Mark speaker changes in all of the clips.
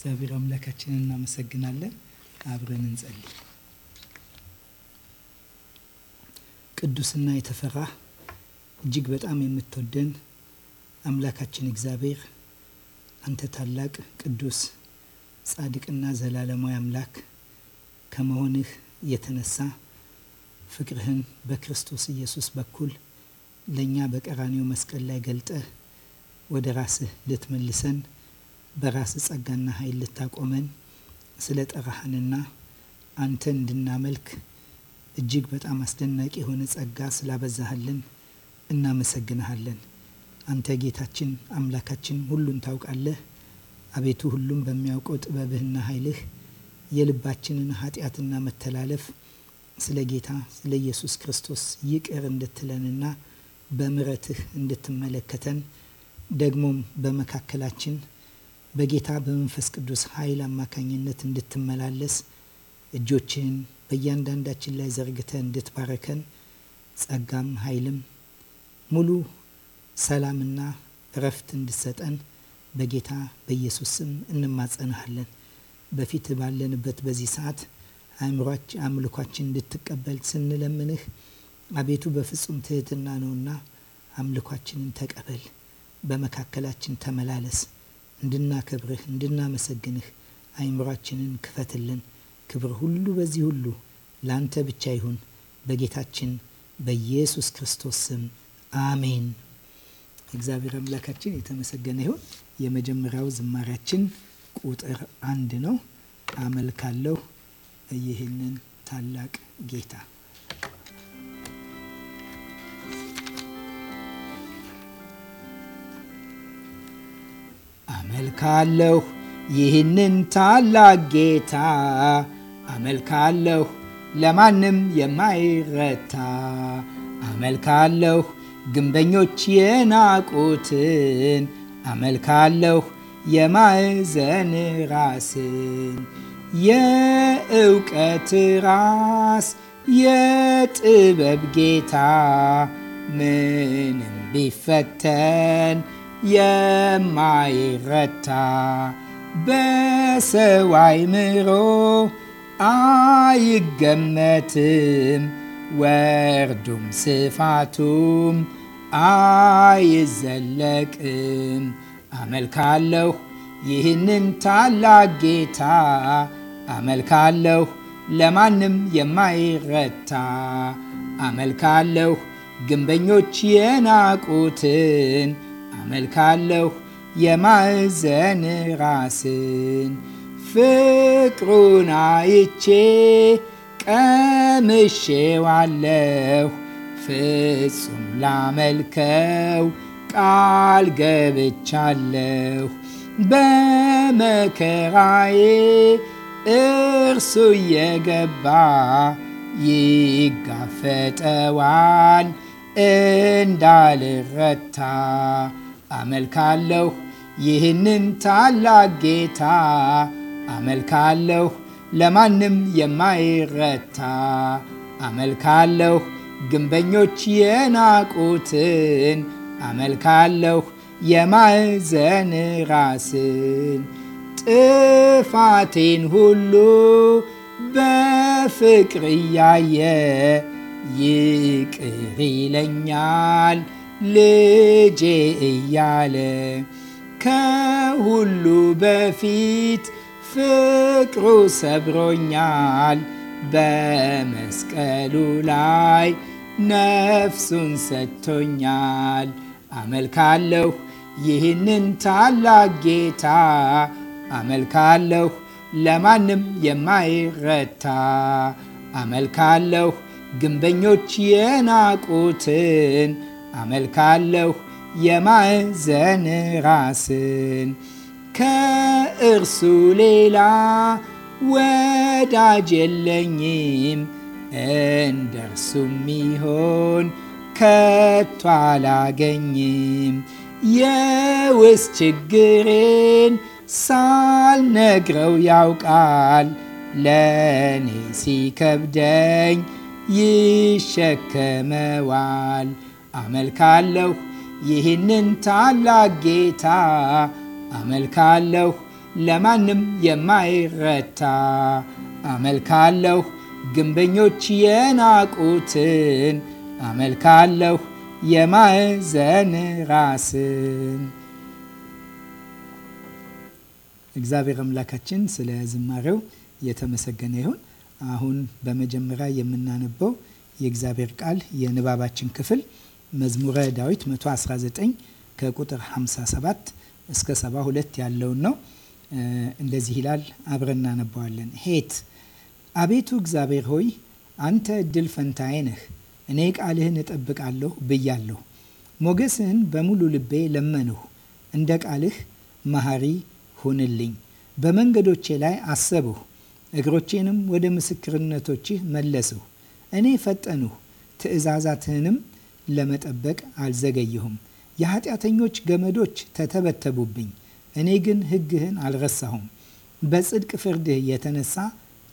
Speaker 1: እግዚአብሔር አምላካችንን እናመሰግናለን። አብረን እንጸልይ። ቅዱስና የተፈራ እጅግ በጣም የምትወደን አምላካችን እግዚአብሔር አንተ ታላቅ ቅዱስ ጻድቅና ዘላለማዊ አምላክ ከመሆንህ የተነሳ ፍቅርህን በክርስቶስ ኢየሱስ በኩል ለእኛ በቀራኔው መስቀል ላይ ገልጠህ ወደ ራስህ ልትመልሰን በራስ ጸጋና ኃይል ልታቆመን ስለ ጠራህንና አንተ እንድናመልክ እጅግ በጣም አስደናቂ የሆነ ጸጋ ስላበዛህልን እናመሰግንሃለን። አንተ ጌታችን አምላካችን ሁሉን ታውቃለህ። አቤቱ ሁሉም በሚያውቀው ጥበብህና ኃይልህ የልባችንን ኃጢአትና መተላለፍ ስለ ጌታ ስለ ኢየሱስ ክርስቶስ ይቅር እንድትለንና በምረትህ እንድትመለከተን ደግሞም በመካከላችን በጌታ በመንፈስ ቅዱስ ኃይል አማካኝነት እንድትመላለስ እጆችን በእያንዳንዳችን ላይ ዘርግተ እንድትባረከን ጸጋም ኃይልም ሙሉ ሰላምና እረፍት እንድሰጠን በጌታ በኢየሱስ ስም እንማጸንሃለን። በፊት ባለንበት በዚህ ሰዓት አእምሯች አምልኳችን እንድትቀበል ስንለምንህ አቤቱ በፍጹም ትህትና ነውና አምልኳችንን ተቀበል፣ በመካከላችን ተመላለስ። እንድናከብርህ፣ እንድናመሰግንህ አይምሯችንን ክፈትልን። ክብር ሁሉ በዚህ ሁሉ ላንተ ብቻ ይሁን። በጌታችን በኢየሱስ ክርስቶስ ስም አሜን። እግዚአብሔር አምላካችን የተመሰገነ ይሁን። የመጀመሪያው ዝማሪያችን ቁጥር አንድ ነው። አመልካለሁ ይህንን ታላቅ ጌታ አመልካለሁ ይህንን ታላቅ ጌታ አመልካለሁ ለማንም የማይረታ አመልካለሁ ግንበኞች የናቁትን አመልካለሁ የማዕዘን ራስን የእውቀት ራስ የጥበብ ጌታ ምንም ቢፈተን የማይረታ በሰው አእምሮ አይገመትም ወርዱም ስፋቱም አይዘለቅም። አመልካለሁ ይህንን ታላቅ ጌታ አመልካለሁ ለማንም የማይረታ አመልካለሁ ግንበኞች የናቁትን አመልካለሁ የማዕዘን ራስን ፍቅሩን አይቼ ቀምሼዋለሁ ፍጹም ላመልከው ቃል ገብቻለሁ በመከራዬ እርሱ እየገባ ይጋፈጠዋል እንዳልረታ አመልካለሁ ይህንን ታላቅ ጌታ አመልካለሁ ለማንም የማይረታ አመልካለሁ ግንበኞች የናቁትን አመልካለሁ የማዕዘን ራስን ጥፋቴን ሁሉ በፍቅር እያየ ይቅር ይለኛል ልጄ እያለ ከሁሉ በፊት ፍቅሩ ሰብሮኛል በመስቀሉ ላይ ነፍሱን ሰጥቶኛል። አመልካለሁ ይህንን ታላቅ ጌታ አመልካለሁ ለማንም የማይረታ አመልካለሁ ግንበኞች የናቁትን አመልካለሁ የማዕዘን ራስን ከእርሱ ሌላ ወዳጅ የለኝም እንደርሱም ሚሆን ከቶ አላገኝም። የውስጥ ችግሬን ሳልነግረው ያውቃል። ለእኔ ሲከብደኝ ይሸከመዋል። አመልካለሁ ይህንን ታላቅ ጌታ አመልካለሁ ለማንም የማይረታ አመልካለሁ ግንበኞች የናቁትን አመልካለሁ የማዕዘን ራስን። እግዚአብሔር አምላካችን ስለ ዝማሬው የተመሰገነ ይሁን። አሁን በመጀመሪያ የምናነበው የእግዚአብሔር ቃል የንባባችን ክፍል መዝሙረ ዳዊት 119 ከቁጥር 57 እስከ 72 ያለውን ነው። እንደዚህ ይላል፣ አብረን እናነባዋለን። ሄት አቤቱ እግዚአብሔር ሆይ አንተ እድል ፈንታዬ ነህ፣ እኔ ቃልህን እጠብቃለሁ ብያለሁ። ሞገስህን በሙሉ ልቤ ለመንሁ፣ እንደ ቃልህ መሐሪ ሁንልኝ። በመንገዶቼ ላይ አሰብሁ፣ እግሮቼንም ወደ ምስክርነቶችህ መለስሁ። እኔ ፈጠንሁ፣ ትእዛዛትህንም ለመጠበቅ አልዘገየሁም። የኃጢአተኞች ገመዶች ተተበተቡብኝ፣ እኔ ግን ሕግህን አልረሳሁም። በጽድቅ ፍርድህ የተነሳ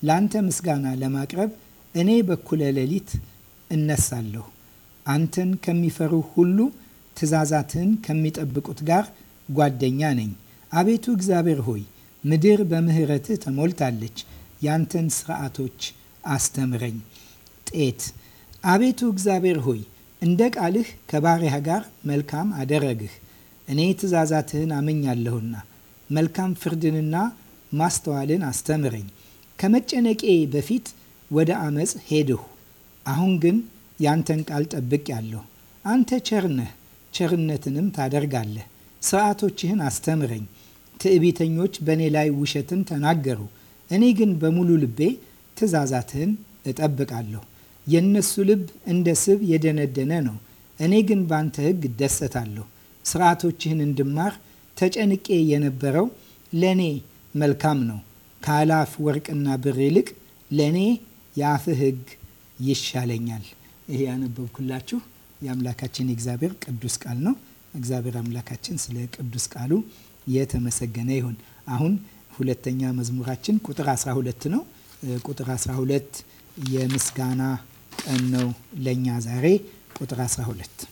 Speaker 1: ለአንተ ምስጋና ለማቅረብ እኔ በኩለ ሌሊት እነሳለሁ። አንተን ከሚፈሩ ሁሉ ትእዛዛትህን ከሚጠብቁት ጋር ጓደኛ ነኝ። አቤቱ እግዚአብሔር ሆይ ምድር በምሕረትህ ተሞልታለች። ያንተን ስርዓቶች አስተምረኝ። ጤት አቤቱ እግዚአብሔር ሆይ እንደ ቃልህ ከባሪያህ ጋር መልካም አደረግህ። እኔ ትእዛዛትህን አመኛለሁና መልካም ፍርድንና ማስተዋልን አስተምረኝ። ከመጨነቄ በፊት ወደ አመፅ ሄድሁ፣ አሁን ግን ያንተን ቃል ጠብቅ ያለሁ። አንተ ቸርነህ ቸርነትንም ታደርጋለህ። ስርዓቶችህን አስተምረኝ። ትዕቢተኞች በእኔ ላይ ውሸትን ተናገሩ፣ እኔ ግን በሙሉ ልቤ ትእዛዛትህን እጠብቃለሁ። የእነሱ ልብ እንደ ስብ የደነደነ ነው። እኔ ግን በአንተ ሕግ ደሰታለሁ። ስርዓቶችህን እንድማር ተጨንቄ የነበረው ለእኔ መልካም ነው። ከአላፍ ወርቅና ብር ይልቅ ለእኔ የአፍህ ሕግ ይሻለኛል። ይሄ ያነበብኩላችሁ የአምላካችን የእግዚአብሔር ቅዱስ ቃል ነው። እግዚአብሔር አምላካችን ስለ ቅዱስ ቃሉ የተመሰገነ ይሁን። አሁን ሁለተኛ መዝሙራችን ቁጥር 12 ነው። ቁጥር 12 የምስጋና ቀን ነው ለእኛ ዛሬ ቁጥር 12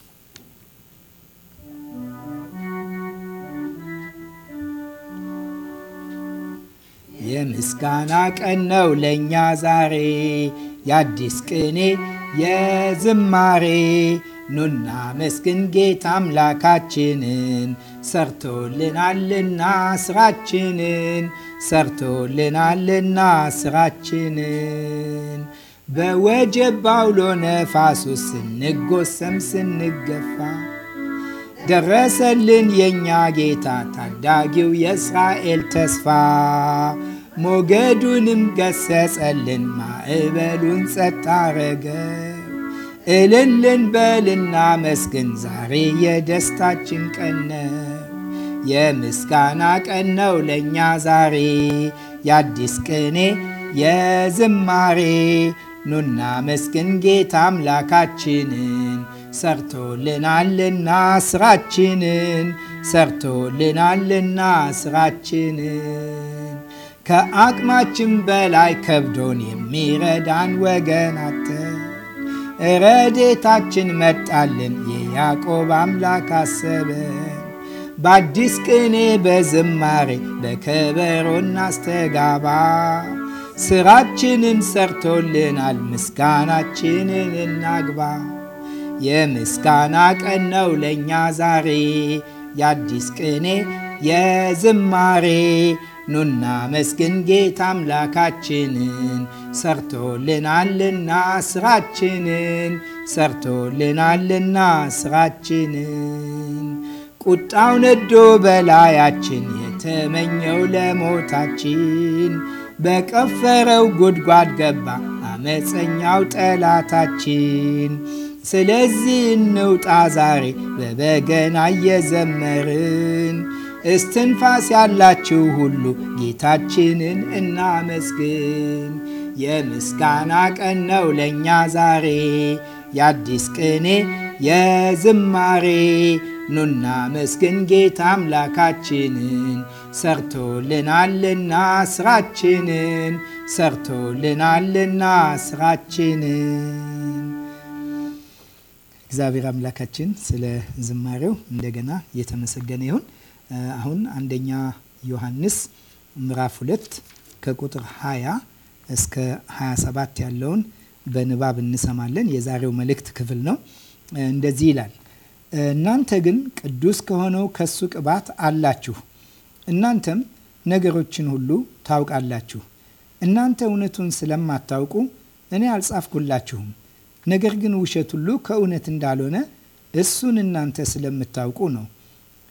Speaker 1: የምስጋና ቀን ነው ለእኛ ዛሬ የአዲስ ቅኔ የዝማሬ ኑና መስግን ጌታ አምላካችንን ሰርቶልናልና ስራችንን ሰርቶልናልና ስራችንን በወጀብ ነፋስ ውስጥ ስንጎሰም ስንገፋ ደረሰልን የእኛ ጌታ ታዳጊው የእስራኤል ተስፋ። ሞገዱንም ገሰጸልን ማዕበሉን ጸጥ አረገ። እልልን በልና መስግን ዛሬ የደስታችን ቀን የምስጋና ቀን ነው ለእኛ ዛሬ የአዲስ ቅኔ የዝማሬ ኑና መስግን ጌታ አምላካችንን ሰርቶልናልና ስራችንን ሰርቶልናልና ስራችንን ከአቅማችን በላይ ከብዶን የሚረዳን ወገን ረዴታችን መጣልን የያዕቆብ አምላክ አሰበን። በአዲስ ቅኔ በዝማሬ በከበሮ እናስተጋባ ስራችንን ሰርቶልናል። ምስጋናችንን እናግባ። የምስጋና ቀን ነው ለእኛ ዛሬ የአዲስ ቅኔ የዝማሬ ኑና መስግን ጌታ አምላካችንን ሰርቶልናልና ስራችንን ሰርቶልናልና ስራችንን ቁጣው ነዶ በላያችን የተመኘው ለሞታችን በቀፈረው ጉድጓድ ገባ አመፀኛው ጠላታችን። ስለዚህ እንውጣ ዛሬ በበገና እየዘመርን እስትንፋስ ያላችሁ ሁሉ ጌታችንን እናመስግን። የምስጋና ቀን ነው ለእኛ ዛሬ የአዲስ ቅኔ የዝማሬ ኑና መስግን ጌታ አምላካችንን ሰርቶልናልና ስራችንን ሰርቶልናልና ስራችንን። እግዚአብሔር አምላካችን ስለ ዝማሬው እንደገና እየተመሰገነ ይሁን። አሁን አንደኛ ዮሐንስ ምዕራፍ ሁለት ከቁጥር 20 እስከ 27 ያለውን በንባብ እንሰማለን። የዛሬው መልእክት ክፍል ነው። እንደዚህ ይላል እናንተ ግን ቅዱስ ከሆነው ከሱ ቅባት አላችሁ፣ እናንተም ነገሮችን ሁሉ ታውቃላችሁ። እናንተ እውነቱን ስለማታውቁ እኔ አልጻፍኩላችሁም፣ ነገር ግን ውሸት ሁሉ ከእውነት እንዳልሆነ እሱን እናንተ ስለምታውቁ ነው።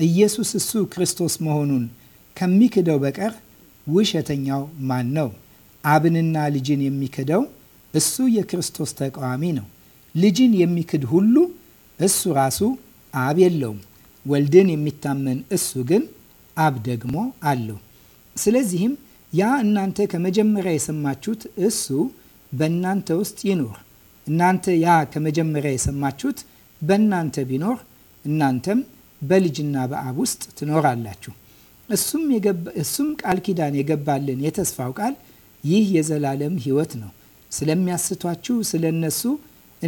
Speaker 1: ኢየሱስ እሱ ክርስቶስ መሆኑን ከሚክደው በቀር ውሸተኛው ማን ነው? አብንና ልጅን የሚክደው እሱ የክርስቶስ ተቃዋሚ ነው። ልጅን የሚክድ ሁሉ እሱ ራሱ አብ የለውም። ወልድን የሚታመን እሱ ግን አብ ደግሞ አለው። ስለዚህም ያ እናንተ ከመጀመሪያ የሰማችሁት እሱ በእናንተ ውስጥ ይኖር። እናንተ ያ ከመጀመሪያ የሰማችሁት በእናንተ ቢኖር እናንተም በልጅና በአብ ውስጥ ትኖራላችሁ። እሱም ቃል ኪዳን የገባልን የተስፋው ቃል ይህ የዘላለም ሕይወት ነው። ስለሚያስቷችሁ ስለ እነሱ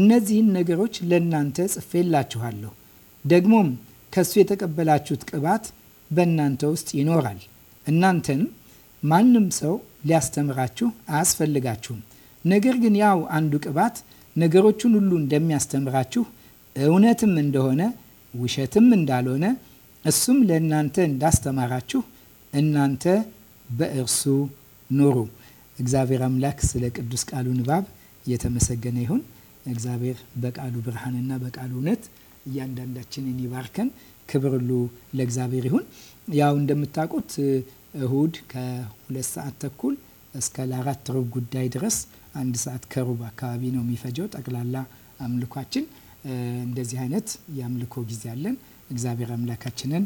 Speaker 1: እነዚህን ነገሮች ለእናንተ ጽፌላችኋለሁ። ደግሞም ከእሱ የተቀበላችሁት ቅባት በእናንተ ውስጥ ይኖራል። እናንተን ማንም ሰው ሊያስተምራችሁ አያስፈልጋችሁም። ነገር ግን ያው አንዱ ቅባት ነገሮችን ሁሉ እንደሚያስተምራችሁ እውነትም እንደሆነ ውሸትም እንዳልሆነ እሱም ለእናንተ እንዳስተማራችሁ እናንተ በእርሱ ኑሩ። እግዚአብሔር አምላክ ስለ ቅዱስ ቃሉ ንባብ የተመሰገነ ይሁን። እግዚአብሔር በቃሉ ብርሃንና በቃሉ እውነት እያንዳንዳችንን ይባርከን። ክብር ሁሉ ለእግዚአብሔር ይሁን። ያው እንደምታውቁት እሁድ ከሁለት ሰዓት ተኩል እስከ ለአራት ሩብ ጉዳይ ድረስ አንድ ሰዓት ከሩብ አካባቢ ነው የሚፈጀው ጠቅላላ አምልኳችን። እንደዚህ አይነት የአምልኮ ጊዜ አለን። እግዚአብሔር አምላካችንን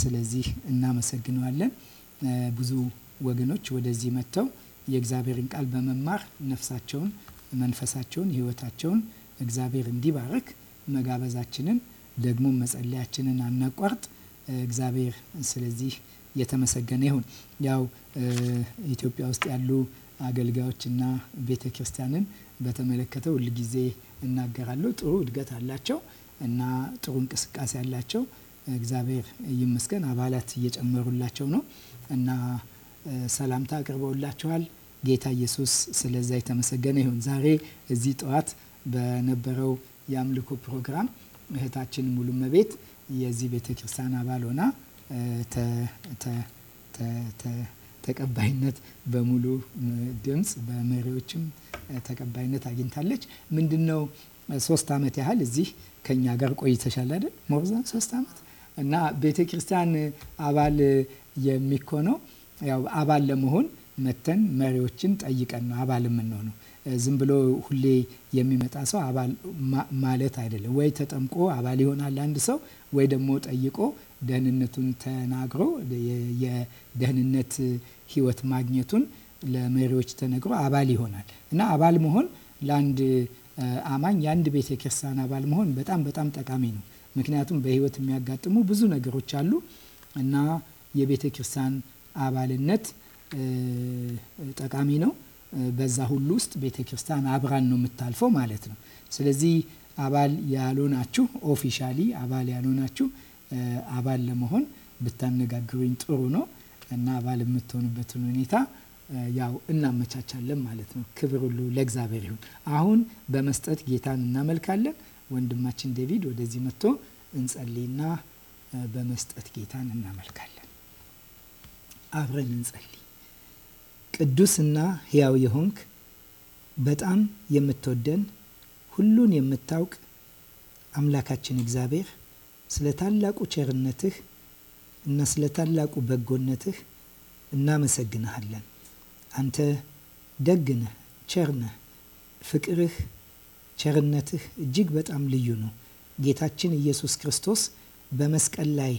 Speaker 1: ስለዚህ እናመሰግነዋለን። ብዙ ወገኖች ወደዚህ መጥተው የእግዚአብሔርን ቃል በመማር ነፍሳቸውን፣ መንፈሳቸውን፣ ህይወታቸውን እግዚአብሔር እንዲባርክ መጋበዛችንን ደግሞ መጸለያችንን አናቋርጥ። እግዚአብሔር ስለዚህ የተመሰገነ ይሁን። ያው ኢትዮጵያ ውስጥ ያሉ አገልጋዮችና ቤተ ክርስቲያንን በተመለከተ ሁልጊዜ እናገራለሁ። ጥሩ እድገት አላቸው እና ጥሩ እንቅስቃሴ አላቸው። እግዚአብሔር ይመስገን። አባላት እየጨመሩላቸው ነው እና ሰላምታ አቅርበውላቸዋል ጌታ ኢየሱስ ስለዛ የተመሰገነ ይሁን። ዛሬ እዚህ ጠዋት በነበረው የአምልኮ ፕሮግራም እህታችን ሙሉመቤት የዚህ ቤተ ክርስቲያን አባል ሆና ተቀባይነት በሙሉ ድምፅ በመሪዎችም ተቀባይነት አግኝታለች። ምንድን ነው ሶስት ዓመት ያህል እዚህ ከኛ ጋር ቆይተሻል አይደል? ሞርዘን ሶስት ዓመት እና ቤተ ክርስቲያን አባል የሚኮነው ያው አባል ለመሆን መተን መሪዎችን ጠይቀን ነው አባል የምንሆነው። ዝም ብሎ ሁሌ የሚመጣ ሰው አባል ማለት አይደለም። ወይ ተጠምቆ አባል ይሆናል አንድ ሰው ወይ ደግሞ ጠይቆ ደህንነቱን ተናግሮ የደህንነት ህይወት ማግኘቱን ለመሪዎች ተነግሮ አባል ይሆናል እና አባል መሆን ለአንድ አማኝ የአንድ ቤተ ክርስቲያን አባል መሆን በጣም በጣም ጠቃሚ ነው። ምክንያቱም በህይወት የሚያጋጥሙ ብዙ ነገሮች አሉ እና የቤተ ክርስቲያን አባልነት ጠቃሚ ነው። በዛ ሁሉ ውስጥ ቤተ ክርስቲያን አብራን ነው የምታልፈው ማለት ነው። ስለዚህ አባል ያልሆናችሁ ኦፊሻሊ አባል ያልሆናችሁ አባል ለመሆን ብታነጋግሩኝ ጥሩ ነው እና አባል የምትሆኑበትን ሁኔታ ያው እናመቻቻለን ማለት ነው። ክብር ሁሉ ለእግዚአብሔር ይሁን። አሁን በመስጠት ጌታን እናመልካለን። ወንድማችን ዴቪድ ወደዚህ መጥቶ እንጸልይና በመስጠት ጌታን እናመልካለን። አብረን እንጸልይ። ቅዱስና ሕያው የሆንክ በጣም የምትወደን ሁሉን የምታውቅ አምላካችን እግዚአብሔር ስለ ታላቁ ቸርነትህ እና ስለ ታላቁ በጎነትህ እናመሰግንሃለን። አንተ ደግነህ ቸርነህ፣ ፍቅርህ፣ ቸርነትህ እጅግ በጣም ልዩ ነው። ጌታችን ኢየሱስ ክርስቶስ በመስቀል ላይ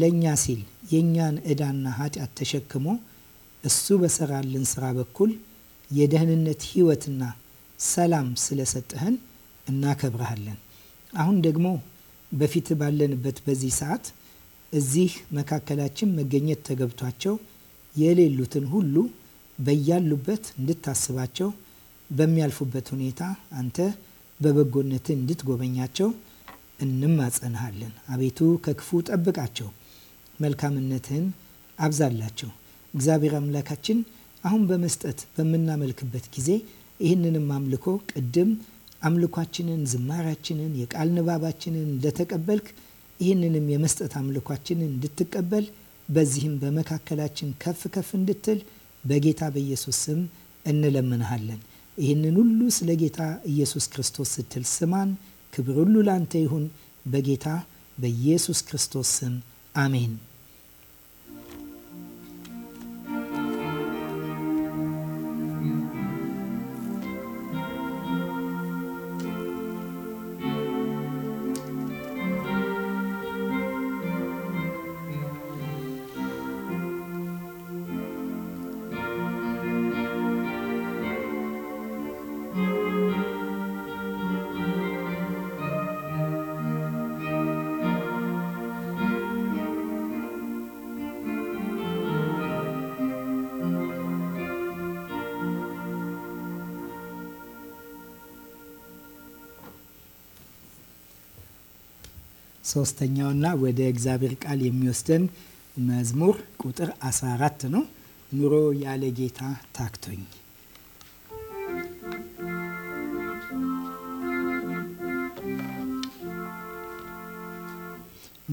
Speaker 1: ለእኛ ሲል የእኛን ዕዳና ኃጢአት ተሸክሞ እሱ በሰራልን ስራ በኩል የደህንነት ህይወትና ሰላም ስለሰጠህን እናከብረሃለን። አሁን ደግሞ በፊት ባለንበት በዚህ ሰዓት እዚህ መካከላችን መገኘት ተገብቷቸው የሌሉትን ሁሉ በያሉበት እንድታስባቸው በሚያልፉበት ሁኔታ አንተ በበጎነት እንድትጎበኛቸው እንማጸንሃለን። አቤቱ ከክፉ ጠብቃቸው፣ መልካምነትህን አብዛላቸው። እግዚአብሔር አምላካችን አሁን በመስጠት በምናመልክበት ጊዜ ይህንንም አምልኮ ቅድም አምልኳችንን፣ ዝማሪያችንን፣ የቃል ንባባችንን እንደተቀበልክ ይህንንም የመስጠት አምልኳችንን እንድትቀበል በዚህም በመካከላችን ከፍ ከፍ እንድትል በጌታ በኢየሱስ ስም እንለምንሃለን። ይህንን ሁሉ ስለ ጌታ ኢየሱስ ክርስቶስ ስትል ስማን። ክብር ሁሉ ላንተ ይሁን። በጌታ በኢየሱስ ክርስቶስ ስም አሜን። ሶስተኛውና ወደ እግዚአብሔር ቃል የሚወስደን መዝሙር ቁጥር 14 ነው። ኑሮ ያለ ጌታ ታክቶኝ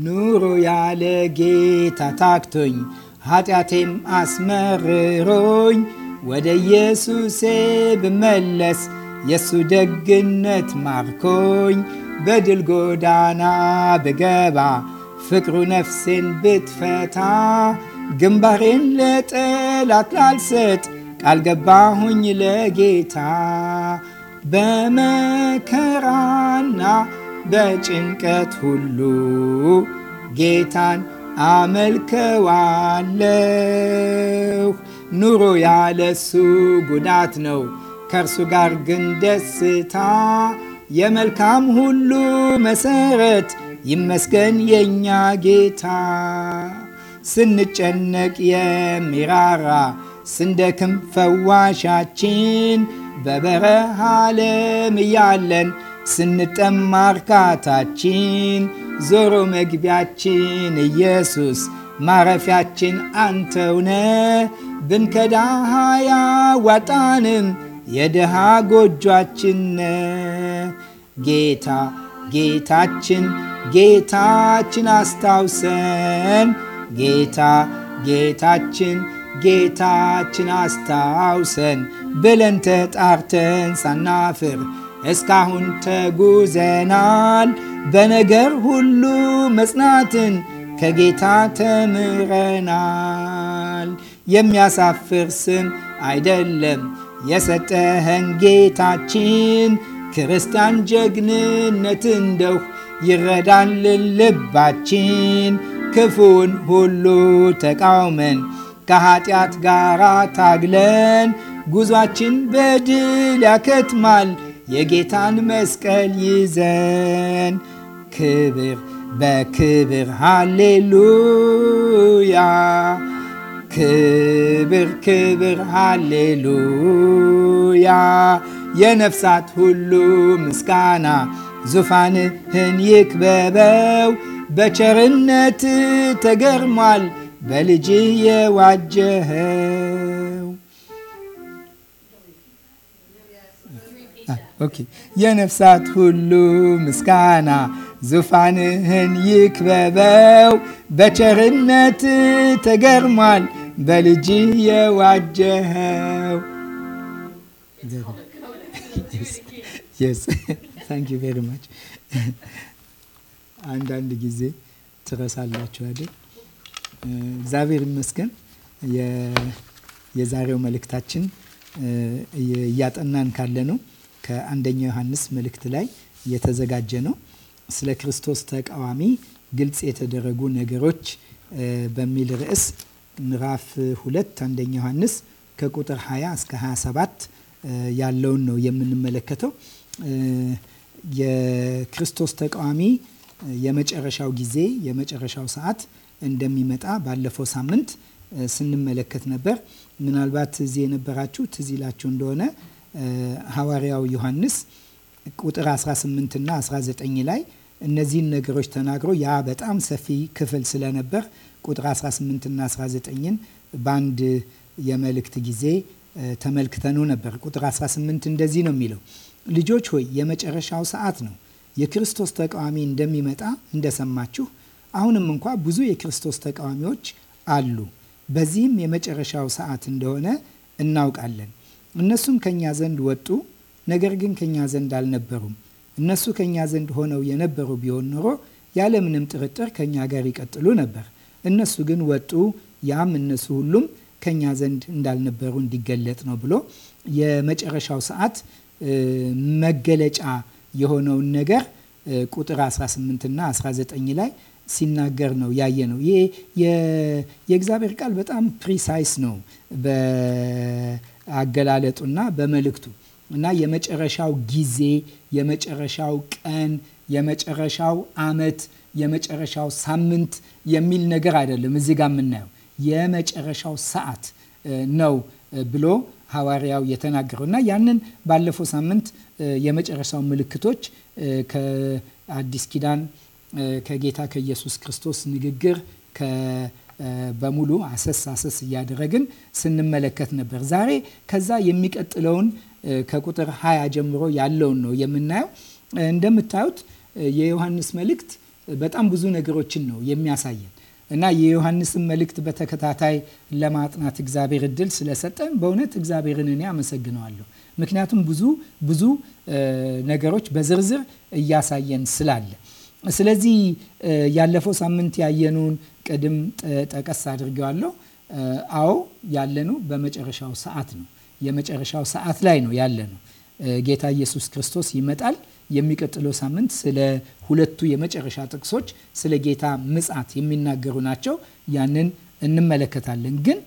Speaker 1: ኑሮ ያለ ጌታ ታክቶኝ ኃጢአቴም አስመርሮኝ ወደ ኢየሱሴ ብመለስ የእሱ ደግነት ማርኮኝ በድል ጎዳና ብገባ ፍቅሩ ነፍሴን ብትፈታ ግንባሬን ለጠላት ላልሰጥ ቃል ገባሁኝ ለጌታ በመከራና በጭንቀት ሁሉ ጌታን አመልከዋለሁ። ኑሮ ያለሱ ጉዳት ነው፣ ከእርሱ ጋር ግን ደስታ የመልካም ሁሉ መሰረት ይመስገን የእኛ ጌታ። ስንጨነቅ የሚራራ ስንደክም ፈዋሻችን በበረሃ እያለን ስንጠማ እርካታችን ዞሮ መግቢያችን ኢየሱስ ማረፊያችን አንተውነ ብንከዳ ዋጣንም የድሃ ጎጇችን ጌታ ጌታችን ጌታችን አስታውሰን ጌታ ጌታችን ጌታችን አስታውሰን ብለን ተጣርተን ሳናፍር እስካሁን ተጉዘናል። በነገር ሁሉ መጽናትን ከጌታ ተምረናል። የሚያሳፍር ስም አይደለም የሰጠህን ጌታችን ክርስቲያን ጀግንነት እንደሁ ይረዳልን ልባችን ክፉን ሁሉ ተቃውመን ከኃጢአት ጋር ታግለን ጉዟችን በድል ያከትማል የጌታን መስቀል ይዘን ክብር በክብር ሃሌሉያ ክብር ክብር ሃሌሉያ የነፍሳት ሁሉ ምስጋና ዙፋንህን ይክበበው። በቸርነት ተገርሟል በልጅህ የዋጀኸው። የነፍሳት ሁሉ ምስጋና ዙፋንህን ይክበበው። በቸርነት ተገርሟል በልጅ የዋጀኸው አንዳንድ ጊዜ ትረሳላችሁ አይደል? እግዚአብሔር ይመስገን። የዛሬው መልእክታችን እያጠናን ካለ ነው ከአንደኛው ዮሐንስ መልእክት ላይ የተዘጋጀ ነው። ስለ ክርስቶስ ተቃዋሚ ግልጽ የተደረጉ ነገሮች በሚል ርዕስ ምዕራፍ ሁለት አንደኛ ዮሐንስ ከቁጥር 20 እስከ 27 ያለውን ነው የምንመለከተው። የክርስቶስ ተቃዋሚ የመጨረሻው ጊዜ የመጨረሻው ሰዓት እንደሚመጣ ባለፈው ሳምንት ስንመለከት ነበር። ምናልባት እዚህ የነበራችሁ ትዝ ይላችሁ እንደሆነ ሐዋርያው ዮሐንስ ቁጥር 18 እና 19 ላይ እነዚህን ነገሮች ተናግሮ ያ በጣም ሰፊ ክፍል ስለነበር ቁጥር 18ና 19ን በአንድ የመልእክት ጊዜ ተመልክተኑ ነበር። ቁጥር 18 እንደዚህ ነው የሚለው ልጆች ሆይ የመጨረሻው ሰዓት ነው። የክርስቶስ ተቃዋሚ እንደሚመጣ እንደሰማችሁ አሁንም እንኳ ብዙ የክርስቶስ ተቃዋሚዎች አሉ። በዚህም የመጨረሻው ሰዓት እንደሆነ እናውቃለን። እነሱም ከእኛ ዘንድ ወጡ፣ ነገር ግን ከእኛ ዘንድ አልነበሩም። እነሱ ከእኛ ዘንድ ሆነው የነበሩ ቢሆን ኖሮ ያለምንም ጥርጥር ከእኛ ጋር ይቀጥሉ ነበር። እነሱ ግን ወጡ፣ ያም እነሱ ሁሉም ከኛ ዘንድ እንዳልነበሩ እንዲገለጥ ነው ብሎ የመጨረሻው ሰዓት መገለጫ የሆነውን ነገር ቁጥር 18 እና 19 ላይ ሲናገር ነው ያየ ነው። ይሄ የእግዚአብሔር ቃል በጣም ፕሪሳይስ ነው በአገላለጡና በመልእክቱ እና የመጨረሻው ጊዜ፣ የመጨረሻው ቀን፣ የመጨረሻው ዓመት የመጨረሻው ሳምንት የሚል ነገር አይደለም። እዚህ ጋር የምናየው የመጨረሻው ሰዓት ነው ብሎ ሐዋርያው የተናገረው እና ያንን ባለፈው ሳምንት የመጨረሻው ምልክቶች ከአዲስ ኪዳን ከጌታ ከኢየሱስ ክርስቶስ ንግግር በሙሉ አሰስ አሰስ እያደረግን ስንመለከት ነበር። ዛሬ ከዛ የሚቀጥለውን ከቁጥር 20 ጀምሮ ያለውን ነው የምናየው። እንደምታዩት የዮሐንስ መልእክት በጣም ብዙ ነገሮችን ነው የሚያሳየን እና የዮሐንስን መልእክት በተከታታይ ለማጥናት እግዚአብሔር እድል ስለሰጠን በእውነት እግዚአብሔርን እኔ አመሰግነዋለሁ። ምክንያቱም ብዙ ብዙ ነገሮች በዝርዝር እያሳየን ስላለ ስለዚህ ያለፈው ሳምንት ያየኑን ቅድም ጠቀስ አድርጌዋለሁ። አዎ ያለኑ በመጨረሻው ሰዓት ነው። የመጨረሻው ሰዓት ላይ ነው ያለነው። ጌታ ኢየሱስ ክርስቶስ ይመጣል። የሚቀጥለው ሳምንት ስለ ሁለቱ የመጨረሻ ጥቅሶች ስለ ጌታ ምጻት የሚናገሩ ናቸው። ያንን እንመለከታለን። ግን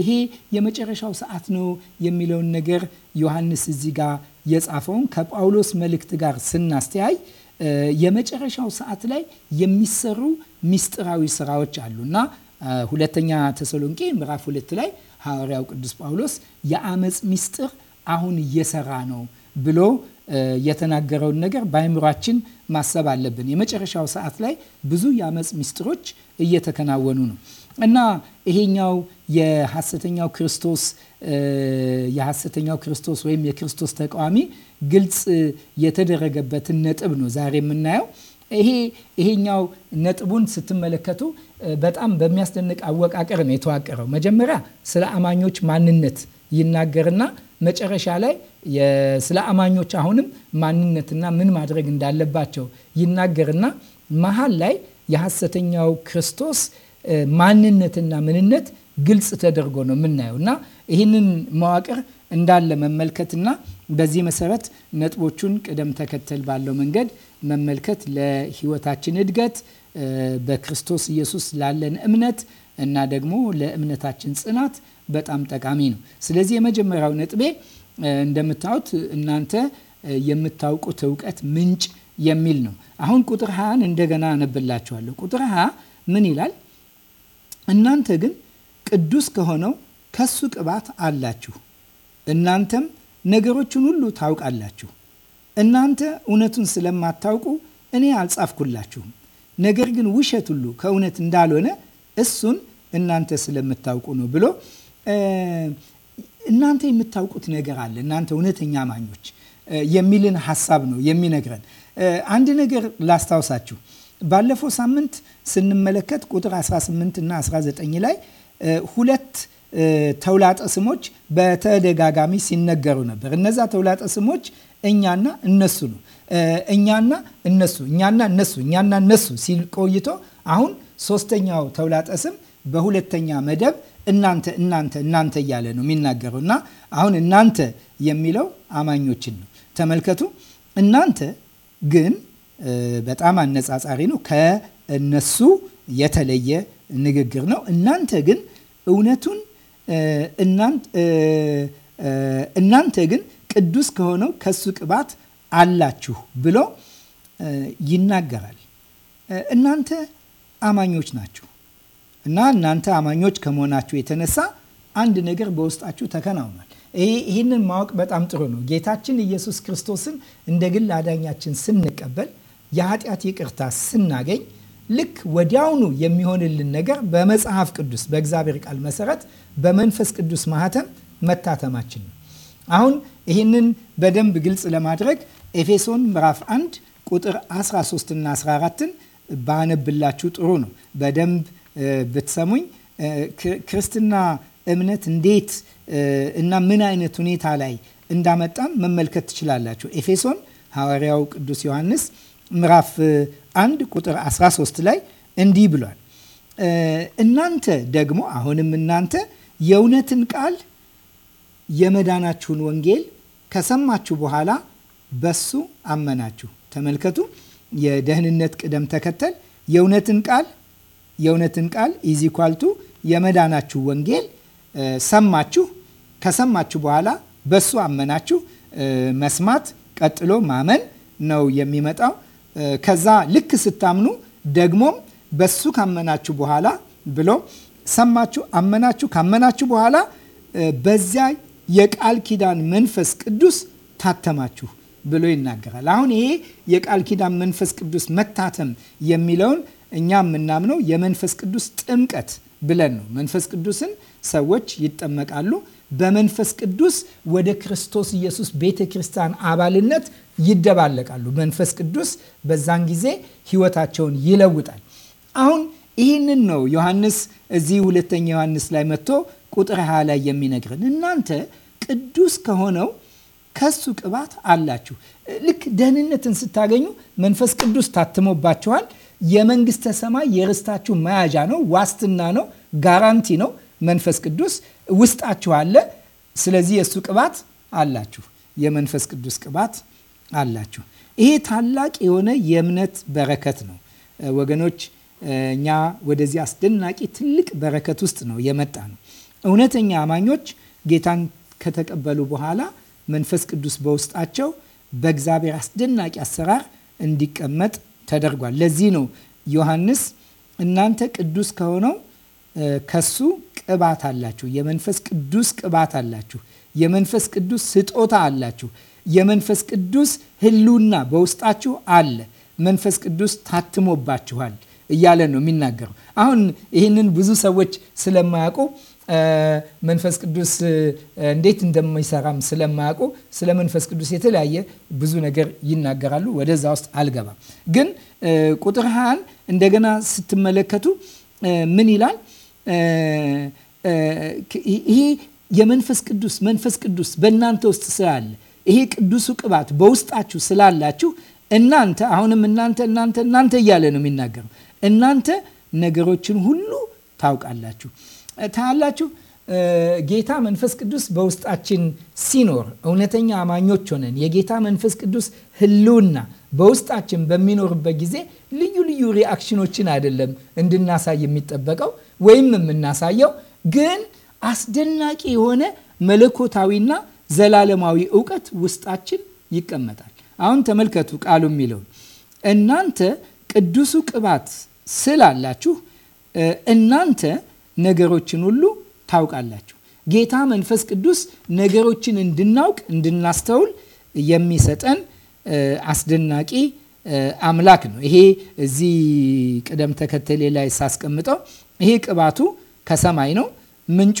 Speaker 1: ይሄ የመጨረሻው ሰዓት ነው የሚለውን ነገር ዮሐንስ እዚህ ጋር የጻፈውን ከጳውሎስ መልእክት ጋር ስናስተያይ የመጨረሻው ሰዓት ላይ የሚሰሩ ሚስጥራዊ ስራዎች አሉ እና ሁለተኛ ተሰሎንቄ ምዕራፍ ሁለት ላይ ሐዋርያው ቅዱስ ጳውሎስ የአመፅ ሚስጥር አሁን እየሰራ ነው ብሎ የተናገረውን ነገር በአይምሯችን ማሰብ አለብን። የመጨረሻው ሰዓት ላይ ብዙ የአመፅ ሚስጥሮች እየተከናወኑ ነው እና ይሄኛው የሐሰተኛው ክርስቶስ የሐሰተኛው ክርስቶስ ወይም የክርስቶስ ተቃዋሚ ግልጽ የተደረገበትን ነጥብ ነው ዛሬ የምናየው። ይሄ ይሄኛው ነጥቡን ስትመለከቱ በጣም በሚያስደንቅ አወቃቀር ነው የተዋቀረው። መጀመሪያ ስለ አማኞች ማንነት ይናገርና መጨረሻ ላይ ስለ አማኞች አሁንም ማንነትና ምን ማድረግ እንዳለባቸው ይናገርና መሀል ላይ የሐሰተኛው ክርስቶስ ማንነትና ምንነት ግልጽ ተደርጎ ነው የምናየው እና ይህንን መዋቅር እንዳለ መመልከትና በዚህ መሰረት ነጥቦቹን ቅደም ተከተል ባለው መንገድ መመልከት ለሕይወታችን እድገት በክርስቶስ ኢየሱስ ላለን እምነት እና ደግሞ ለእምነታችን ጽናት በጣም ጠቃሚ ነው። ስለዚህ የመጀመሪያው ነጥቤ እንደምታዩት እናንተ የምታውቁት እውቀት ምንጭ የሚል ነው። አሁን ቁጥር ሀያን እንደገና አነብላችኋለሁ። ቁጥር ሀያ ምን ይላል? እናንተ ግን ቅዱስ ከሆነው ከሱ ቅባት አላችሁ፣ እናንተም ነገሮችን ሁሉ ታውቃላችሁ። እናንተ እውነቱን ስለማታውቁ እኔ አልጻፍኩላችሁም። ነገር ግን ውሸት ሁሉ ከእውነት እንዳልሆነ እሱን እናንተ ስለምታውቁ ነው ብሎ እናንተ የምታውቁት ነገር አለ እናንተ እውነተኛ አማኞች የሚልን ሀሳብ ነው የሚነግረን። አንድ ነገር ላስታውሳችሁ። ባለፈው ሳምንት ስንመለከት ቁጥር 18 እና 19 ላይ ሁለት ተውላጠ ስሞች በተደጋጋሚ ሲነገሩ ነበር። እነዛ ተውላጠ ስሞች እኛና እነሱ ነው። እኛና እነሱ፣ እኛና እነሱ፣ እኛና እነሱ ሲል ቆይቶ አሁን ሶስተኛው ተውላጠ ስም በሁለተኛ መደብ እናንተ እናንተ እናንተ እያለ ነው የሚናገረው እና አሁን እናንተ የሚለው አማኞችን ነው። ተመልከቱ። እናንተ ግን በጣም አነጻጻሪ ነው። ከእነሱ የተለየ ንግግር ነው። እናንተ ግን እውነቱን እናንተ ግን ቅዱስ ከሆነው ከሱ ቅባት አላችሁ ብሎ ይናገራል። እናንተ አማኞች ናችሁ። እና እናንተ አማኞች ከመሆናችሁ የተነሳ አንድ ነገር በውስጣችሁ ተከናውኗል። ይህንን ማወቅ በጣም ጥሩ ነው። ጌታችን ኢየሱስ ክርስቶስን እንደ ግል አዳኛችን ስንቀበል፣ የኃጢአት ይቅርታ ስናገኝ፣ ልክ ወዲያውኑ የሚሆንልን ነገር በመጽሐፍ ቅዱስ በእግዚአብሔር ቃል መሰረት በመንፈስ ቅዱስ ማህተም መታተማችን ነው። አሁን ይህንን በደንብ ግልጽ ለማድረግ ኤፌሶን ምዕራፍ 1 ቁጥር 13 እና 14ን ባነብላችሁ ጥሩ ነው። በደንብ ብትሰሙኝ ክርስትና እምነት እንዴት እና ምን አይነት ሁኔታ ላይ እንዳመጣም መመልከት ትችላላችሁ። ኤፌሶን ሐዋርያው ቅዱስ ዮሐንስ ምዕራፍ 1 ቁጥር 13 ላይ እንዲህ ብሏል። እናንተ ደግሞ አሁንም እናንተ የእውነትን ቃል የመዳናችሁን ወንጌል ከሰማችሁ በኋላ በሱ አመናችሁ። ተመልከቱ፣ የደህንነት ቅደም ተከተል የእውነትን ቃል የእውነትን ቃል ኢዚኳልቱ የመዳናችሁ ወንጌል ሰማችሁ። ከሰማችሁ በኋላ በሱ አመናችሁ። መስማት ቀጥሎ ማመን ነው የሚመጣው። ከዛ ልክ ስታምኑ ደግሞም በሱ ካመናችሁ በኋላ ብሎ ሰማችሁ፣ አመናችሁ። ካመናችሁ በኋላ በዚያ የቃል ኪዳን መንፈስ ቅዱስ ታተማችሁ ብሎ ይናገራል። አሁን ይሄ የቃል ኪዳን መንፈስ ቅዱስ መታተም የሚለውን እኛ የምናምነው የመንፈስ ቅዱስ ጥምቀት ብለን ነው። መንፈስ ቅዱስን ሰዎች ይጠመቃሉ። በመንፈስ ቅዱስ ወደ ክርስቶስ ኢየሱስ ቤተ ክርስቲያን አባልነት ይደባለቃሉ። መንፈስ ቅዱስ በዛን ጊዜ ህይወታቸውን ይለውጣል። አሁን ይህንን ነው ዮሐንስ እዚህ ሁለተኛ ዮሐንስ ላይ መጥቶ ቁጥር ሃያ ላይ የሚነግርን እናንተ ቅዱስ ከሆነው ከሱ ቅባት አላችሁ። ልክ ደህንነትን ስታገኙ መንፈስ ቅዱስ ታትሞባችኋል። የመንግስተ ሰማይ የርስታችሁ መያዣ ነው፣ ዋስትና ነው፣ ጋራንቲ ነው። መንፈስ ቅዱስ ውስጣችሁ አለ። ስለዚህ የእሱ ቅባት አላችሁ፣ የመንፈስ ቅዱስ ቅባት አላችሁ። ይሄ ታላቅ የሆነ የእምነት በረከት ነው ወገኖች። እኛ ወደዚህ አስደናቂ ትልቅ በረከት ውስጥ ነው የመጣ ነው። እውነተኛ አማኞች ጌታን ከተቀበሉ በኋላ መንፈስ ቅዱስ በውስጣቸው በእግዚአብሔር አስደናቂ አሰራር እንዲቀመጥ ተደርጓል። ለዚህ ነው ዮሐንስ እናንተ ቅዱስ ከሆነው ከሱ ቅባት አላችሁ፣ የመንፈስ ቅዱስ ቅባት አላችሁ፣ የመንፈስ ቅዱስ ስጦታ አላችሁ፣ የመንፈስ ቅዱስ ሕልውና በውስጣችሁ አለ፣ መንፈስ ቅዱስ ታትሞባችኋል እያለ ነው የሚናገረው። አሁን ይህንን ብዙ ሰዎች ስለማያውቁ መንፈስ ቅዱስ እንዴት እንደሚሰራም ስለማያውቁ ስለ መንፈስ ቅዱስ የተለያየ ብዙ ነገር ይናገራሉ። ወደዛ ውስጥ አልገባም። ግን ቁጥር ሃያን እንደገና ስትመለከቱ ምን ይላል? ይሄ የመንፈስ ቅዱስ መንፈስ ቅዱስ በእናንተ ውስጥ ስላለ ይሄ ቅዱሱ ቅባት በውስጣችሁ ስላላችሁ እናንተ አሁንም እናንተ እናንተ እናንተ እያለ ነው የሚናገረው እናንተ ነገሮችን ሁሉ ታውቃላችሁ ታያላችሁ። ጌታ መንፈስ ቅዱስ በውስጣችን ሲኖር እውነተኛ አማኞች ሆነን የጌታ መንፈስ ቅዱስ ህልውና በውስጣችን በሚኖርበት ጊዜ ልዩ ልዩ ሪአክሽኖችን አይደለም እንድናሳይ የሚጠበቀው ወይም የምናሳየው፣ ግን አስደናቂ የሆነ መለኮታዊና ዘላለማዊ እውቀት ውስጣችን ይቀመጣል። አሁን ተመልከቱ ቃሉ የሚለውን እናንተ ቅዱሱ ቅባት ስላላችሁ እናንተ ነገሮችን ሁሉ ታውቃላችሁ። ጌታ መንፈስ ቅዱስ ነገሮችን እንድናውቅ እንድናስተውል የሚሰጠን አስደናቂ አምላክ ነው። ይሄ እዚህ ቅደም ተከተሌ ላይ ሳስቀምጠው ይሄ ቅባቱ ከሰማይ ነው። ምንጩ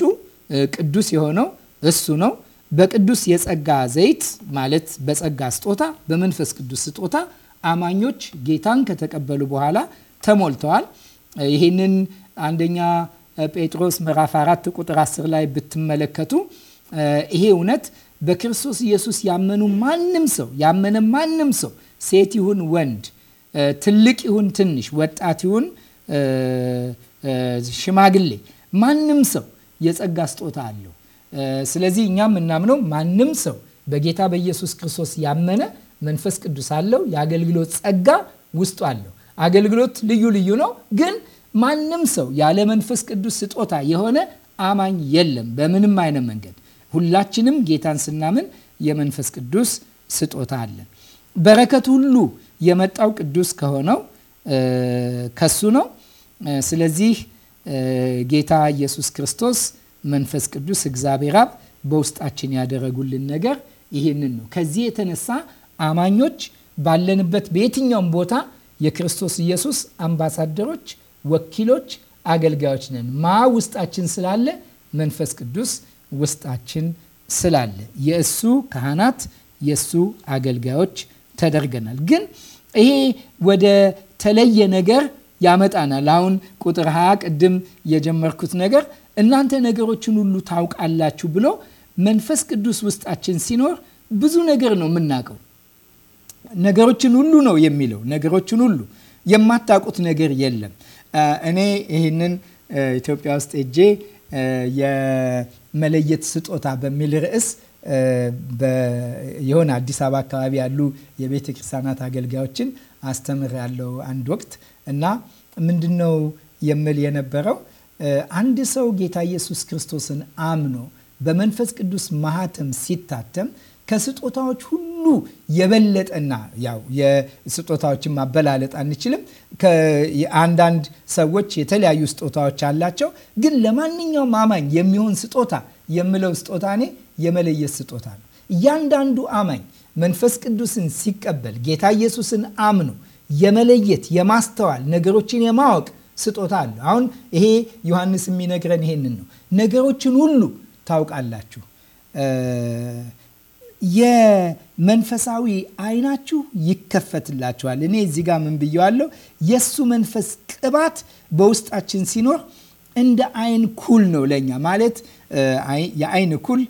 Speaker 1: ቅዱስ የሆነው እሱ ነው። በቅዱስ የጸጋ ዘይት ማለት በጸጋ ስጦታ፣ በመንፈስ ቅዱስ ስጦታ አማኞች ጌታን ከተቀበሉ በኋላ ተሞልተዋል። ይህንን አንደኛ ጴጥሮስ ምዕራፍ 4 ቁጥር 10 ላይ ብትመለከቱ ይሄ እውነት በክርስቶስ ኢየሱስ ያመኑ ማንም ሰው ያመነ ማንም ሰው ሴት ይሁን ወንድ፣ ትልቅ ይሁን ትንሽ፣ ወጣት ይሁን ሽማግሌ፣ ማንም ሰው የጸጋ ስጦታ አለው። ስለዚህ እኛም የምናምነው ማንም ሰው በጌታ በኢየሱስ ክርስቶስ ያመነ መንፈስ ቅዱስ አለው። የአገልግሎት ጸጋ ውስጡ አለው። አገልግሎት ልዩ ልዩ ነው ግን ማንም ሰው ያለ መንፈስ ቅዱስ ስጦታ የሆነ አማኝ የለም በምንም አይነት መንገድ። ሁላችንም ጌታን ስናምን የመንፈስ ቅዱስ ስጦታ አለን። በረከት ሁሉ የመጣው ቅዱስ ከሆነው ከሱ ነው። ስለዚህ ጌታ ኢየሱስ ክርስቶስ፣ መንፈስ ቅዱስ፣ እግዚአብሔር አብ በውስጣችን ያደረጉልን ነገር ይህንን ነው። ከዚህ የተነሳ አማኞች ባለንበት በየትኛውም ቦታ የክርስቶስ ኢየሱስ አምባሳደሮች ወኪሎች፣ አገልጋዮች ነን። ማ ውስጣችን ስላለ መንፈስ ቅዱስ ውስጣችን ስላለ የእሱ ካህናት የእሱ አገልጋዮች ተደርገናል። ግን ይሄ ወደ ተለየ ነገር ያመጣናል። አሁን ቁጥር ሀያ ቅድም የጀመርኩት ነገር እናንተ ነገሮችን ሁሉ ታውቃላችሁ ብሎ መንፈስ ቅዱስ ውስጣችን ሲኖር ብዙ ነገር ነው የምናውቀው። ነገሮችን ሁሉ ነው የሚለው። ነገሮችን ሁሉ የማታውቁት ነገር የለም። እኔ ይህንን ኢትዮጵያ ውስጥ እጄ የመለየት ስጦታ በሚል ርዕስ የሆነ አዲስ አበባ አካባቢ ያሉ የቤተ ክርስቲያናት አገልጋዮችን አስተምር ያለው አንድ ወቅት እና ምንድን ነው የምል የነበረው አንድ ሰው ጌታ ኢየሱስ ክርስቶስን አምኖ በመንፈስ ቅዱስ ማህተም ሲታተም ከስጦታዎች ሁሉ የበለጠና ያው የስጦታዎችን ማበላለጥ አንችልም። አንዳንድ ሰዎች የተለያዩ ስጦታዎች አላቸው። ግን ለማንኛውም አማኝ የሚሆን ስጦታ የምለው ስጦታ እኔ የመለየት ስጦታ ነው። እያንዳንዱ አማኝ መንፈስ ቅዱስን ሲቀበል ጌታ ኢየሱስን አምኖ የመለየት የማስተዋል ነገሮችን የማወቅ ስጦታ አለ አሁን ይሄ ዮሐንስ የሚነግረን ይሄንን ነው። ነገሮችን ሁሉ ታውቃላችሁ የመንፈሳዊ አይናችሁ ይከፈትላችኋል። እኔ እዚህ ጋር ምን ብየዋለሁ? የእሱ መንፈስ ቅባት በውስጣችን ሲኖር እንደ አይን ኩል ነው ለኛ ማለት የአይን ኩል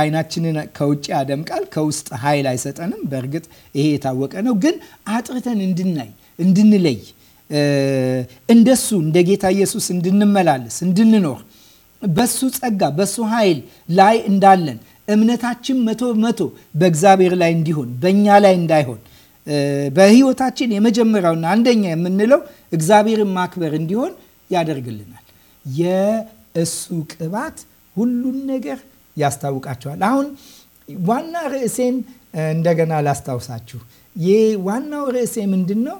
Speaker 1: አይናችንን ከውጭ ያደምቃል፣ ከውስጥ ኃይል አይሰጠንም። በእርግጥ ይሄ የታወቀ ነው። ግን አጥርተን እንድናይ እንድንለይ፣ እንደሱ እንደ ጌታ ኢየሱስ እንድንመላለስ እንድንኖር በሱ ጸጋ በሱ ኃይል ላይ እንዳለን እምነታችን መቶ በመቶ በእግዚአብሔር ላይ እንዲሆን በእኛ ላይ እንዳይሆን በህይወታችን የመጀመሪያውና አንደኛ የምንለው እግዚአብሔርን ማክበር እንዲሆን ያደርግልናል። የእሱ ቅባት ሁሉን ነገር ያስታውቃቸዋል። አሁን ዋና ርዕሴን እንደገና ላስታውሳችሁ። ይህ ዋናው ርዕሴ ምንድን ነው?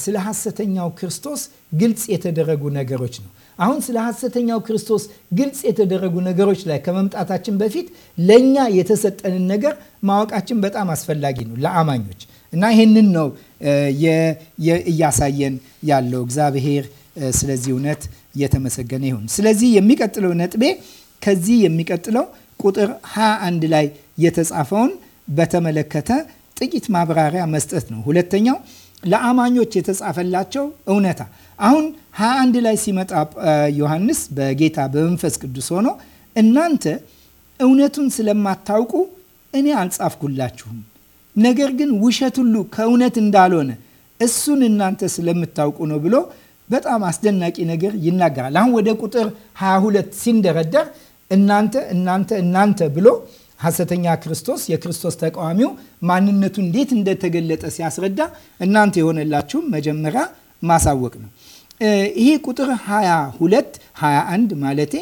Speaker 1: ስለ ሐሰተኛው ክርስቶስ ግልጽ የተደረጉ ነገሮች ነው። አሁን ስለ ሐሰተኛው ክርስቶስ ግልጽ የተደረጉ ነገሮች ላይ ከመምጣታችን በፊት ለእኛ የተሰጠንን ነገር ማወቃችን በጣም አስፈላጊ ነው ለአማኞች እና ይህንን ነው እያሳየን ያለው እግዚአብሔር። ስለዚህ እውነት እየተመሰገነ ይሁን። ስለዚህ የሚቀጥለው ነጥቤ ከዚህ የሚቀጥለው ቁጥር 21 ላይ የተጻፈውን በተመለከተ ጥቂት ማብራሪያ መስጠት ነው። ሁለተኛው ለአማኞች የተጻፈላቸው እውነታ አሁን 21 ላይ ሲመጣ ዮሐንስ በጌታ በመንፈስ ቅዱስ ሆኖ እናንተ እውነቱን ስለማታውቁ እኔ አልጻፍኩላችሁም፣ ነገር ግን ውሸት ሁሉ ከእውነት እንዳልሆነ እሱን እናንተ ስለምታውቁ ነው ብሎ በጣም አስደናቂ ነገር ይናገራል። አሁን ወደ ቁጥር 22 ሲንደረደር እናንተ እናንተ እናንተ ብሎ ሐሰተኛ ክርስቶስ የክርስቶስ ተቃዋሚው ማንነቱ እንዴት እንደተገለጠ ሲያስረዳ እናንተ የሆነላችሁም መጀመሪያ ማሳወቅ ነው። ይሄ ቁጥር 22 21 ማለቴ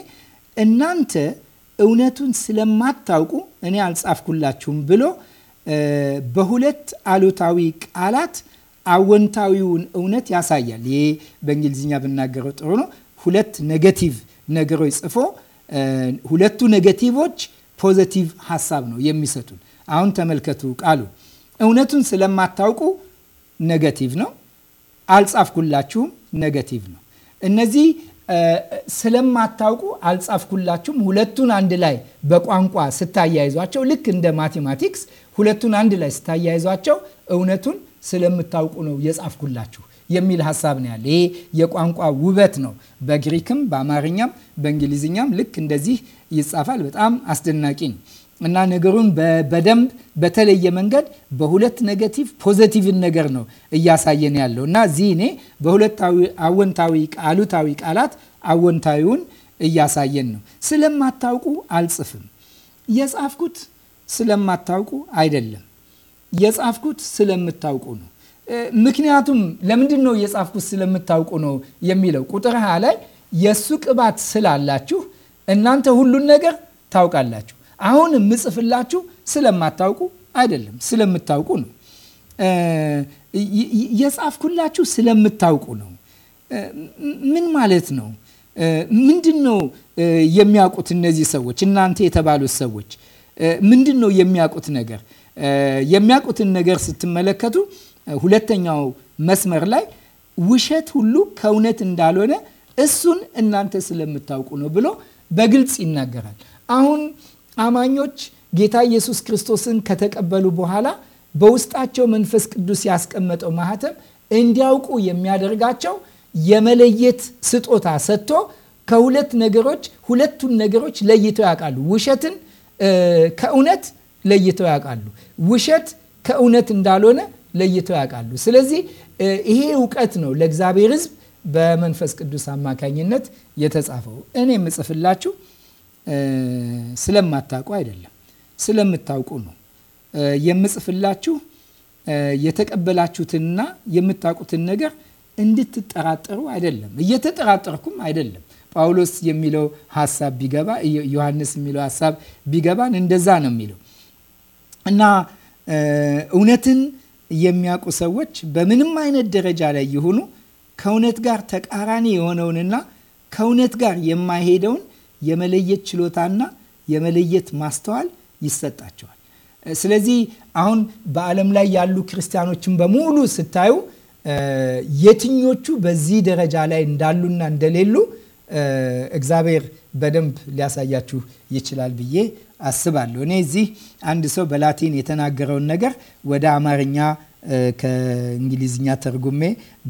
Speaker 1: እናንተ እውነቱን ስለማታውቁ እኔ አልጻፍኩላችሁም ብሎ በሁለት አሉታዊ ቃላት አወንታዊውን እውነት ያሳያል። ይሄ በእንግሊዝኛ ብናገረው ጥሩ ነው። ሁለት ኔጌቲቭ ነገሮች ጽፎ ሁለቱ ኔጌቲቮች ፖዘቲቭ ሀሳብ ነው የሚሰጡን። አሁን ተመልከቱ። ቃሉ እውነቱን ስለማታውቁ ኔጌቲቭ ነው፣ አልጻፍኩላችሁም ነገቲቭ ነው። እነዚህ ስለማታውቁ አልጻፍኩላችሁም። ሁለቱን አንድ ላይ በቋንቋ ስታያይዟቸው ልክ እንደ ማቴማቲክስ ሁለቱን አንድ ላይ ስታያይዟቸው እውነቱን ስለምታውቁ ነው የጻፍኩላችሁ የሚል ሀሳብ ነው ያለ። ይሄ የቋንቋ ውበት ነው። በግሪክም፣ በአማርኛም፣ በእንግሊዝኛም ልክ እንደዚህ ይጻፋል። በጣም አስደናቂ ነው። እና ነገሩን በደንብ በተለየ መንገድ በሁለት ኔጌቲቭ ፖዘቲቭን ነገር ነው እያሳየን ያለው እና እዚህ እኔ በሁለት አወንታዊ አሉታዊ ቃላት አወንታዊውን እያሳየን ነው። ስለማታውቁ አልጽፍም። የጻፍኩት ስለማታውቁ አይደለም፣ የጻፍኩት ስለምታውቁ ነው። ምክንያቱም ለምንድን ነው የጻፍኩት ስለምታውቁ ነው የሚለው ቁጥር ሃያ ላይ የእሱ ቅባት ስላላችሁ እናንተ ሁሉን ነገር ታውቃላችሁ አሁን የምጽፍላችሁ ስለማታውቁ አይደለም፣ ስለምታውቁ ነው። የጻፍኩላችሁ ስለምታውቁ ነው። ምን ማለት ነው? ምንድን ነው የሚያውቁት እነዚህ ሰዎች? እናንተ የተባሉት ሰዎች ምንድን ነው የሚያውቁት ነገር? የሚያውቁትን ነገር ስትመለከቱ ሁለተኛው መስመር ላይ ውሸት ሁሉ ከእውነት እንዳልሆነ እሱን እናንተ ስለምታውቁ ነው ብሎ በግልጽ ይናገራል። አሁን አማኞች ጌታ ኢየሱስ ክርስቶስን ከተቀበሉ በኋላ በውስጣቸው መንፈስ ቅዱስ ያስቀመጠው ማህተም እንዲያውቁ የሚያደርጋቸው የመለየት ስጦታ ሰጥቶ ከሁለት ነገሮች ሁለቱን ነገሮች ለይተው ያውቃሉ። ውሸትን ከእውነት ለይተው ያውቃሉ። ውሸት ከእውነት እንዳልሆነ ለይተው ያውቃሉ። ስለዚህ ይሄ እውቀት ነው ለእግዚአብሔር ሕዝብ በመንፈስ ቅዱስ አማካኝነት የተጻፈው። እኔ የምጽፍላችሁ ስለማታውቁ አይደለም፣ ስለምታውቁ ነው። የምጽፍላችሁ የተቀበላችሁትንና የምታውቁትን ነገር እንድትጠራጠሩ አይደለም። እየተጠራጠርኩም አይደለም። ጳውሎስ የሚለው ሀሳብ ቢገባ ዮሐንስ የሚለው ሀሳብ ቢገባን እንደዛ ነው የሚለው እና እውነትን የሚያውቁ ሰዎች በምንም አይነት ደረጃ ላይ የሆኑ ከእውነት ጋር ተቃራኒ የሆነውንና ከእውነት ጋር የማይሄደውን የመለየት ችሎታና የመለየት ማስተዋል ይሰጣቸዋል። ስለዚህ አሁን በዓለም ላይ ያሉ ክርስቲያኖችን በሙሉ ስታዩ የትኞቹ በዚህ ደረጃ ላይ እንዳሉና እንደሌሉ እግዚአብሔር በደንብ ሊያሳያችሁ ይችላል ብዬ አስባለሁ። እኔ እዚህ አንድ ሰው በላቲን የተናገረውን ነገር ወደ አማርኛ ከእንግሊዝኛ ተርጉሜ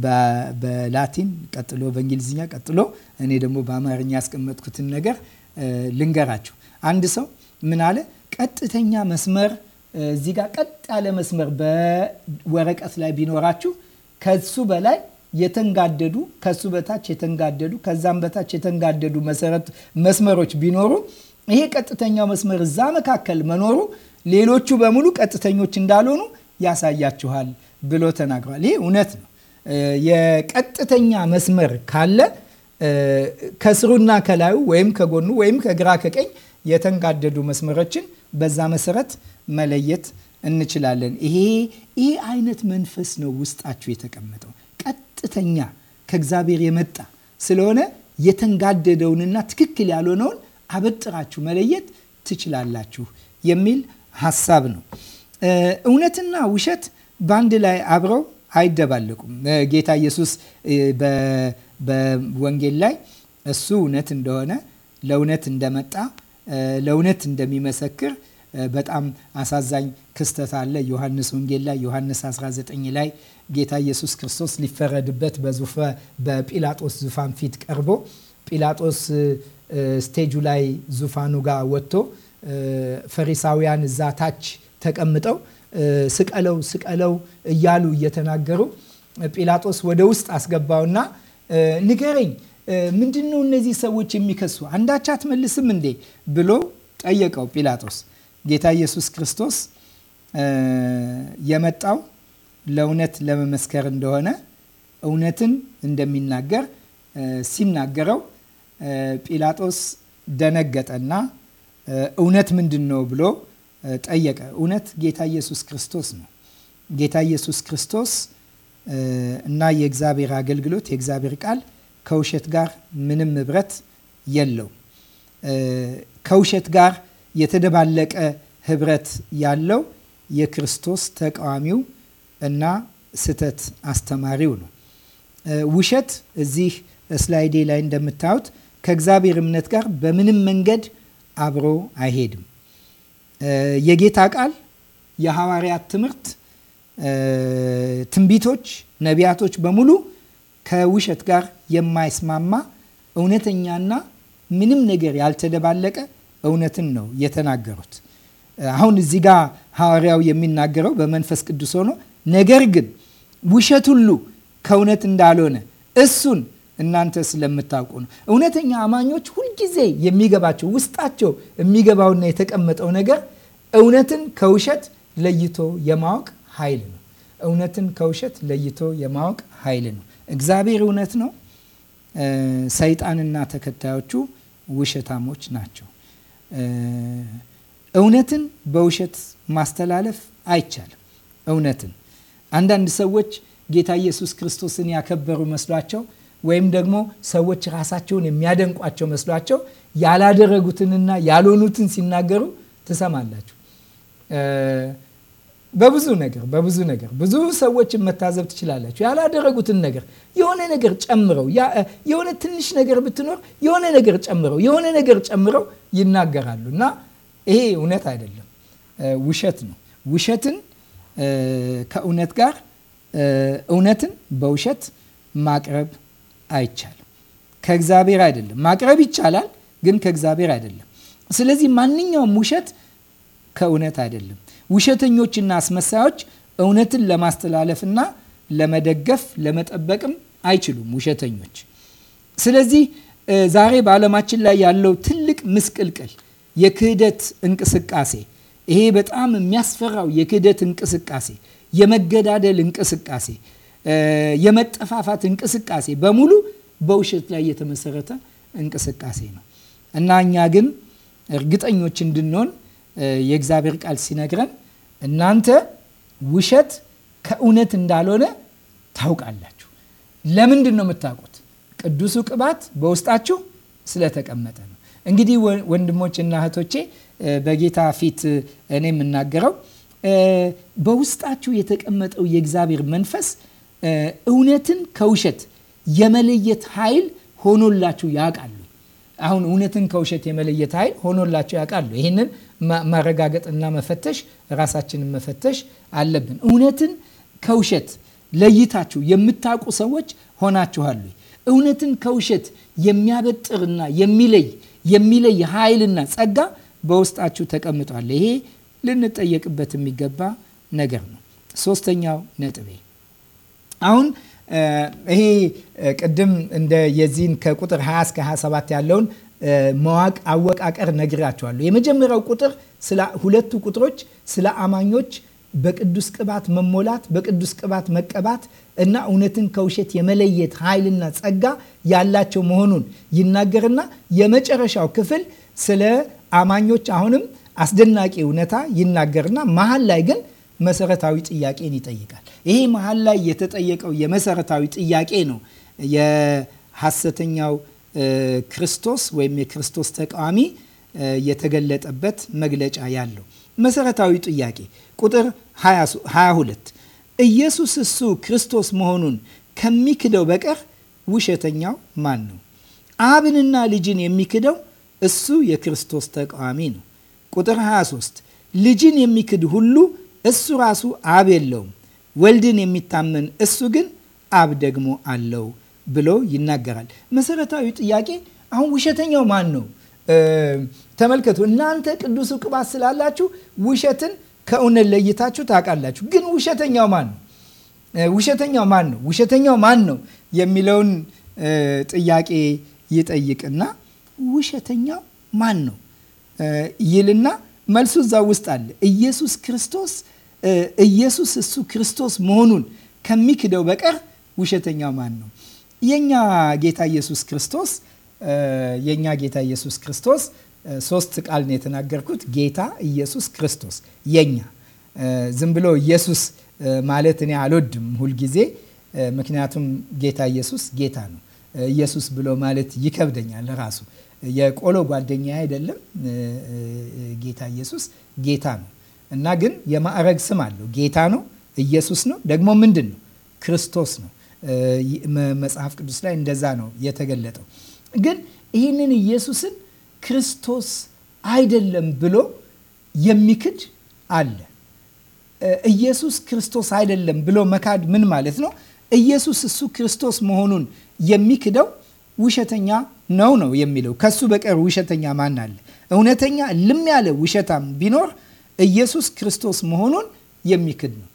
Speaker 1: በላቲን ቀጥሎ በእንግሊዝኛ ቀጥሎ እኔ ደግሞ በአማርኛ ያስቀመጥኩትን ነገር ልንገራችሁ። አንድ ሰው ምን አለ? ቀጥተኛ መስመር እዚህ ጋር ቀጥ ያለ መስመር በወረቀት ላይ ቢኖራችሁ ከሱ በላይ የተንጋደዱ ከሱ በታች የተንጋደዱ ከዛም በታች የተንጋደዱ መሰረት መስመሮች ቢኖሩ ይሄ ቀጥተኛው መስመር እዛ መካከል መኖሩ ሌሎቹ በሙሉ ቀጥተኞች እንዳልሆኑ ያሳያችኋል ብሎ ተናግሯል። ይህ እውነት ነው። የቀጥተኛ መስመር ካለ ከስሩና ከላዩ ወይም ከጎኑ ወይም ከግራ ከቀኝ የተንጋደዱ መስመሮችን በዛ መሰረት መለየት እንችላለን። ይሄ ይህ አይነት መንፈስ ነው ውስጣችሁ የተቀመጠው ቀጥተኛ ከእግዚአብሔር የመጣ ስለሆነ የተንጋደደውንና ትክክል ያልሆነውን አበጥራችሁ መለየት ትችላላችሁ የሚል ሀሳብ ነው። እውነትና ውሸት በአንድ ላይ አብረው አይደባለቁም። ጌታ ኢየሱስ በወንጌል ላይ እሱ እውነት እንደሆነ ለእውነት እንደመጣ ለእውነት እንደሚመሰክር በጣም አሳዛኝ ክስተት አለ። ዮሐንስ ወንጌል ላይ ዮሐንስ 19 ላይ ጌታ ኢየሱስ ክርስቶስ ሊፈረድበት በዙፈ በጲላጦስ ዙፋን ፊት ቀርቦ ጲላጦስ ስቴጁ ላይ ዙፋኑ ጋር ወጥቶ ፈሪሳውያን እዛ ታች ተቀምጠው ስቀለው ስቀለው እያሉ እየተናገሩ ጲላጦስ ወደ ውስጥ አስገባውና ንገረኝ፣ ምንድን ነው እነዚህ ሰዎች የሚከሱ አንዳች አትመልስም እንዴ ብሎ ጠየቀው ጲላጦስ። ጌታ ኢየሱስ ክርስቶስ የመጣው ለእውነት ለመመስከር እንደሆነ እውነትን እንደሚናገር ሲናገረው ጲላጦስ ደነገጠና እውነት ምንድን ነው ብሎ ጠየቀ። እውነት ጌታ ኢየሱስ ክርስቶስ ነው። ጌታ ኢየሱስ ክርስቶስ እና የእግዚአብሔር አገልግሎት የእግዚአብሔር ቃል ከውሸት ጋር ምንም ህብረት የለው። ከውሸት ጋር የተደባለቀ ህብረት ያለው የክርስቶስ ተቃዋሚው እና ስህተት አስተማሪው ነው። ውሸት እዚህ ስላይዴ ላይ እንደምታዩት ከእግዚአብሔር እምነት ጋር በምንም መንገድ አብሮ አይሄድም። የጌታ ቃል፣ የሐዋርያት ትምህርት፣ ትንቢቶች፣ ነቢያቶች በሙሉ ከውሸት ጋር የማይስማማ እውነተኛና ምንም ነገር ያልተደባለቀ እውነትን ነው የተናገሩት። አሁን እዚህ ጋር ሐዋርያው የሚናገረው በመንፈስ ቅዱስ ሆኖ ነገር ግን ውሸት ሁሉ ከእውነት እንዳልሆነ እሱን እናንተ ስለምታውቁ ነው። እውነተኛ አማኞች ሁልጊዜ የሚገባቸው ውስጣቸው የሚገባውና የተቀመጠው ነገር እውነትን ከውሸት ለይቶ የማወቅ ኃይል ነው። እውነትን ከውሸት ለይቶ የማወቅ ኃይል ነው። እግዚአብሔር እውነት ነው። ሰይጣንና ተከታዮቹ ውሸታሞች ናቸው። እውነትን በውሸት ማስተላለፍ አይቻልም። እውነትን አንዳንድ ሰዎች ጌታ ኢየሱስ ክርስቶስን ያከበሩ መስሏቸው ወይም ደግሞ ሰዎች ራሳቸውን የሚያደንቋቸው መስሏቸው ያላደረጉትንና ያልሆኑትን ሲናገሩ ትሰማላችሁ። በብዙ ነገር በብዙ ነገር ብዙ ሰዎችን መታዘብ ትችላላችሁ። ያላደረጉትን ነገር የሆነ ነገር ጨምረው የሆነ ትንሽ ነገር ብትኖር የሆነ ነገር ጨምረው የሆነ ነገር ጨምረው ይናገራሉ እና ይሄ እውነት አይደለም፣ ውሸት ነው። ውሸትን ከእውነት ጋር እውነትን በውሸት ማቅረብ አይቻልም። ከእግዚአብሔር አይደለም። ማቅረብ ይቻላል፣ ግን ከእግዚአብሔር አይደለም። ስለዚህ ማንኛውም ውሸት ከእውነት አይደለም። ውሸተኞችና አስመሳዮች እውነትን ለማስተላለፍና ለመደገፍ ለመጠበቅም አይችሉም ውሸተኞች። ስለዚህ ዛሬ በዓለማችን ላይ ያለው ትልቅ ምስቅልቅል የክህደት እንቅስቃሴ ይሄ በጣም የሚያስፈራው የክህደት እንቅስቃሴ የመገዳደል እንቅስቃሴ የመጠፋፋት እንቅስቃሴ በሙሉ በውሸት ላይ የተመሰረተ እንቅስቃሴ ነው እና እኛ ግን እርግጠኞች እንድንሆን የእግዚአብሔር ቃል ሲነግረን እናንተ ውሸት ከእውነት እንዳልሆነ ታውቃላችሁ። ለምንድን ነው የምታውቁት? ቅዱሱ ቅባት በውስጣችሁ ስለተቀመጠ ነው። እንግዲህ ወንድሞች እና እህቶቼ በጌታ ፊት እኔ የምናገረው በውስጣችሁ የተቀመጠው የእግዚአብሔር መንፈስ እውነትን ከውሸት የመለየት ኃይል ሆኖላችሁ ያውቃሉ። አሁን እውነትን ከውሸት የመለየት ኃይል ሆኖላችሁ ያውቃሉ። ይህንን ማረጋገጥና መፈተሽ ራሳችንን መፈተሽ አለብን። እውነትን ከውሸት ለይታችሁ የምታውቁ ሰዎች ሆናችኋሉ። እውነትን ከውሸት የሚያበጥርና የሚለይ የሚለይ ኃይልና ጸጋ በውስጣችሁ ተቀምጧል። ይሄ ልንጠየቅበት የሚገባ ነገር ነው። ሶስተኛው ነጥቤ አሁን ይሄ ቅድም እንደ የዚህን ከቁጥር 20 እስከ 27 ያለውን መዋቅ አወቃቀር ነግራቸዋለሁ። የመጀመሪያው ቁጥር ሁለቱ ቁጥሮች ስለ አማኞች በቅዱስ ቅባት መሞላት፣ በቅዱስ ቅባት መቀባት እና እውነትን ከውሸት የመለየት ኃይልና ጸጋ ያላቸው መሆኑን ይናገርና የመጨረሻው ክፍል ስለ አማኞች አሁንም አስደናቂ እውነታ ይናገርና መሀል ላይ ግን መሰረታዊ ጥያቄን ይጠይቃል። ይሄ መሀል ላይ የተጠየቀው የመሰረታዊ ጥያቄ ነው። የሐሰተኛው ክርስቶስ ወይም የክርስቶስ ተቃዋሚ የተገለጠበት መግለጫ ያለው መሰረታዊ ጥያቄ ቁጥር 22 ኢየሱስ እሱ ክርስቶስ መሆኑን ከሚክደው በቀር ውሸተኛው ማን ነው? አብንና ልጅን የሚክደው እሱ የክርስቶስ ተቃዋሚ ነው። ቁጥር 23 ልጅን የሚክድ ሁሉ እሱ ራሱ አብ የለውም ወልድን የሚታመን እሱ ግን አብ ደግሞ አለው ብሎ ይናገራል። መሰረታዊ ጥያቄ አሁን ውሸተኛው ማን ነው? ተመልከቱ። እናንተ ቅዱሱ ቅባት ስላላችሁ ውሸትን ከእውነት ለይታችሁ ታውቃላችሁ። ግን ውሸተኛው ማን ነው? ውሸተኛው ማን ነው? ውሸተኛው ማን ነው የሚለውን ጥያቄ ይጠይቅና ውሸተኛው ማን ነው ይልና መልሱ እዛ ውስጥ አለ ኢየሱስ ክርስቶስ ኢየሱስ እሱ ክርስቶስ መሆኑን ከሚክደው በቀር ውሸተኛ ማን ነው? የኛ ጌታ ኢየሱስ ክርስቶስ የእኛ ጌታ ኢየሱስ ክርስቶስ ሶስት ቃል ነው የተናገርኩት። ጌታ ኢየሱስ ክርስቶስ የኛ ዝም ብሎ ኢየሱስ ማለት እኔ አልወድም ሁልጊዜ፣ ምክንያቱም ጌታ ኢየሱስ ጌታ ነው። ኢየሱስ ብሎ ማለት ይከብደኛል ራሱ የቆሎ ጓደኛ አይደለም። ጌታ ኢየሱስ ጌታ ነው። እና ግን የማዕረግ ስም አለው። ጌታ ነው፣ ኢየሱስ ነው። ደግሞ ምንድን ነው? ክርስቶስ ነው። መጽሐፍ ቅዱስ ላይ እንደዛ ነው የተገለጠው። ግን ይህንን ኢየሱስን ክርስቶስ አይደለም ብሎ የሚክድ አለ። ኢየሱስ ክርስቶስ አይደለም ብሎ መካድ ምን ማለት ነው? ኢየሱስ እሱ ክርስቶስ መሆኑን የሚክደው ውሸተኛ ነው ነው የሚለው። ከሱ በቀር ውሸተኛ ማን አለ? እውነተኛ ልም ያለ ውሸታም ቢኖር ኢየሱስ ክርስቶስ መሆኑን የሚክድ ነው።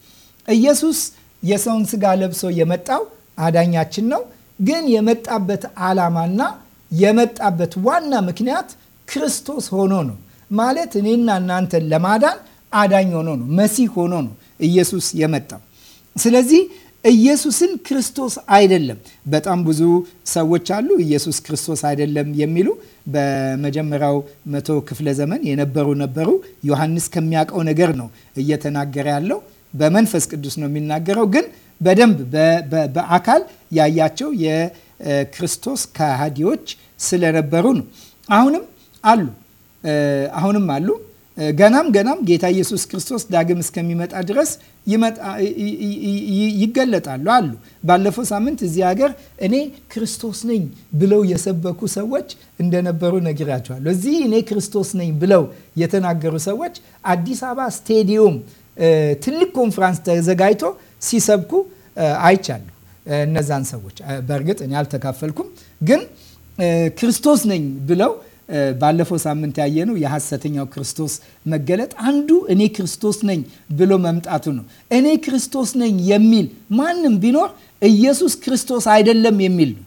Speaker 1: ኢየሱስ የሰውን ስጋ ለብሶ የመጣው አዳኛችን ነው። ግን የመጣበት ዓላማና የመጣበት ዋና ምክንያት ክርስቶስ ሆኖ ነው። ማለት እኔና እናንተን ለማዳን አዳኝ ሆኖ ነው፣ መሲህ ሆኖ ነው ኢየሱስ የመጣው። ስለዚህ ኢየሱስን ክርስቶስ አይደለም። በጣም ብዙ ሰዎች አሉ ኢየሱስ ክርስቶስ አይደለም የሚሉ በመጀመሪያው መቶ ክፍለ ዘመን የነበሩ ነበሩ። ዮሐንስ ከሚያውቀው ነገር ነው እየተናገረ ያለው። በመንፈስ ቅዱስ ነው የሚናገረው። ግን በደንብ በአካል ያያቸው የክርስቶስ ከሃዲዎች ስለነበሩ ነው። አሁንም አሉ አሁንም አሉ ገናም ገናም ጌታ ኢየሱስ ክርስቶስ ዳግም እስከሚመጣ ድረስ ይገለጣሉ አሉ። ባለፈው ሳምንት እዚህ ሀገር እኔ ክርስቶስ ነኝ ብለው የሰበኩ ሰዎች እንደነበሩ ነግራቸዋለሁ። እዚህ እኔ ክርስቶስ ነኝ ብለው የተናገሩ ሰዎች አዲስ አበባ ስቴዲየም ትልቅ ኮንፍራንስ ተዘጋጅቶ ሲሰብኩ አይቻሉ። እነዛን ሰዎች በእርግጥ እኔ አልተካፈልኩም፣ ግን ክርስቶስ ነኝ ብለው ባለፈው ሳምንት ያየነው የሐሰተኛው ክርስቶስ መገለጥ አንዱ እኔ ክርስቶስ ነኝ ብሎ መምጣቱ ነው። እኔ ክርስቶስ ነኝ የሚል ማንም ቢኖር ኢየሱስ ክርስቶስ አይደለም የሚል ነው።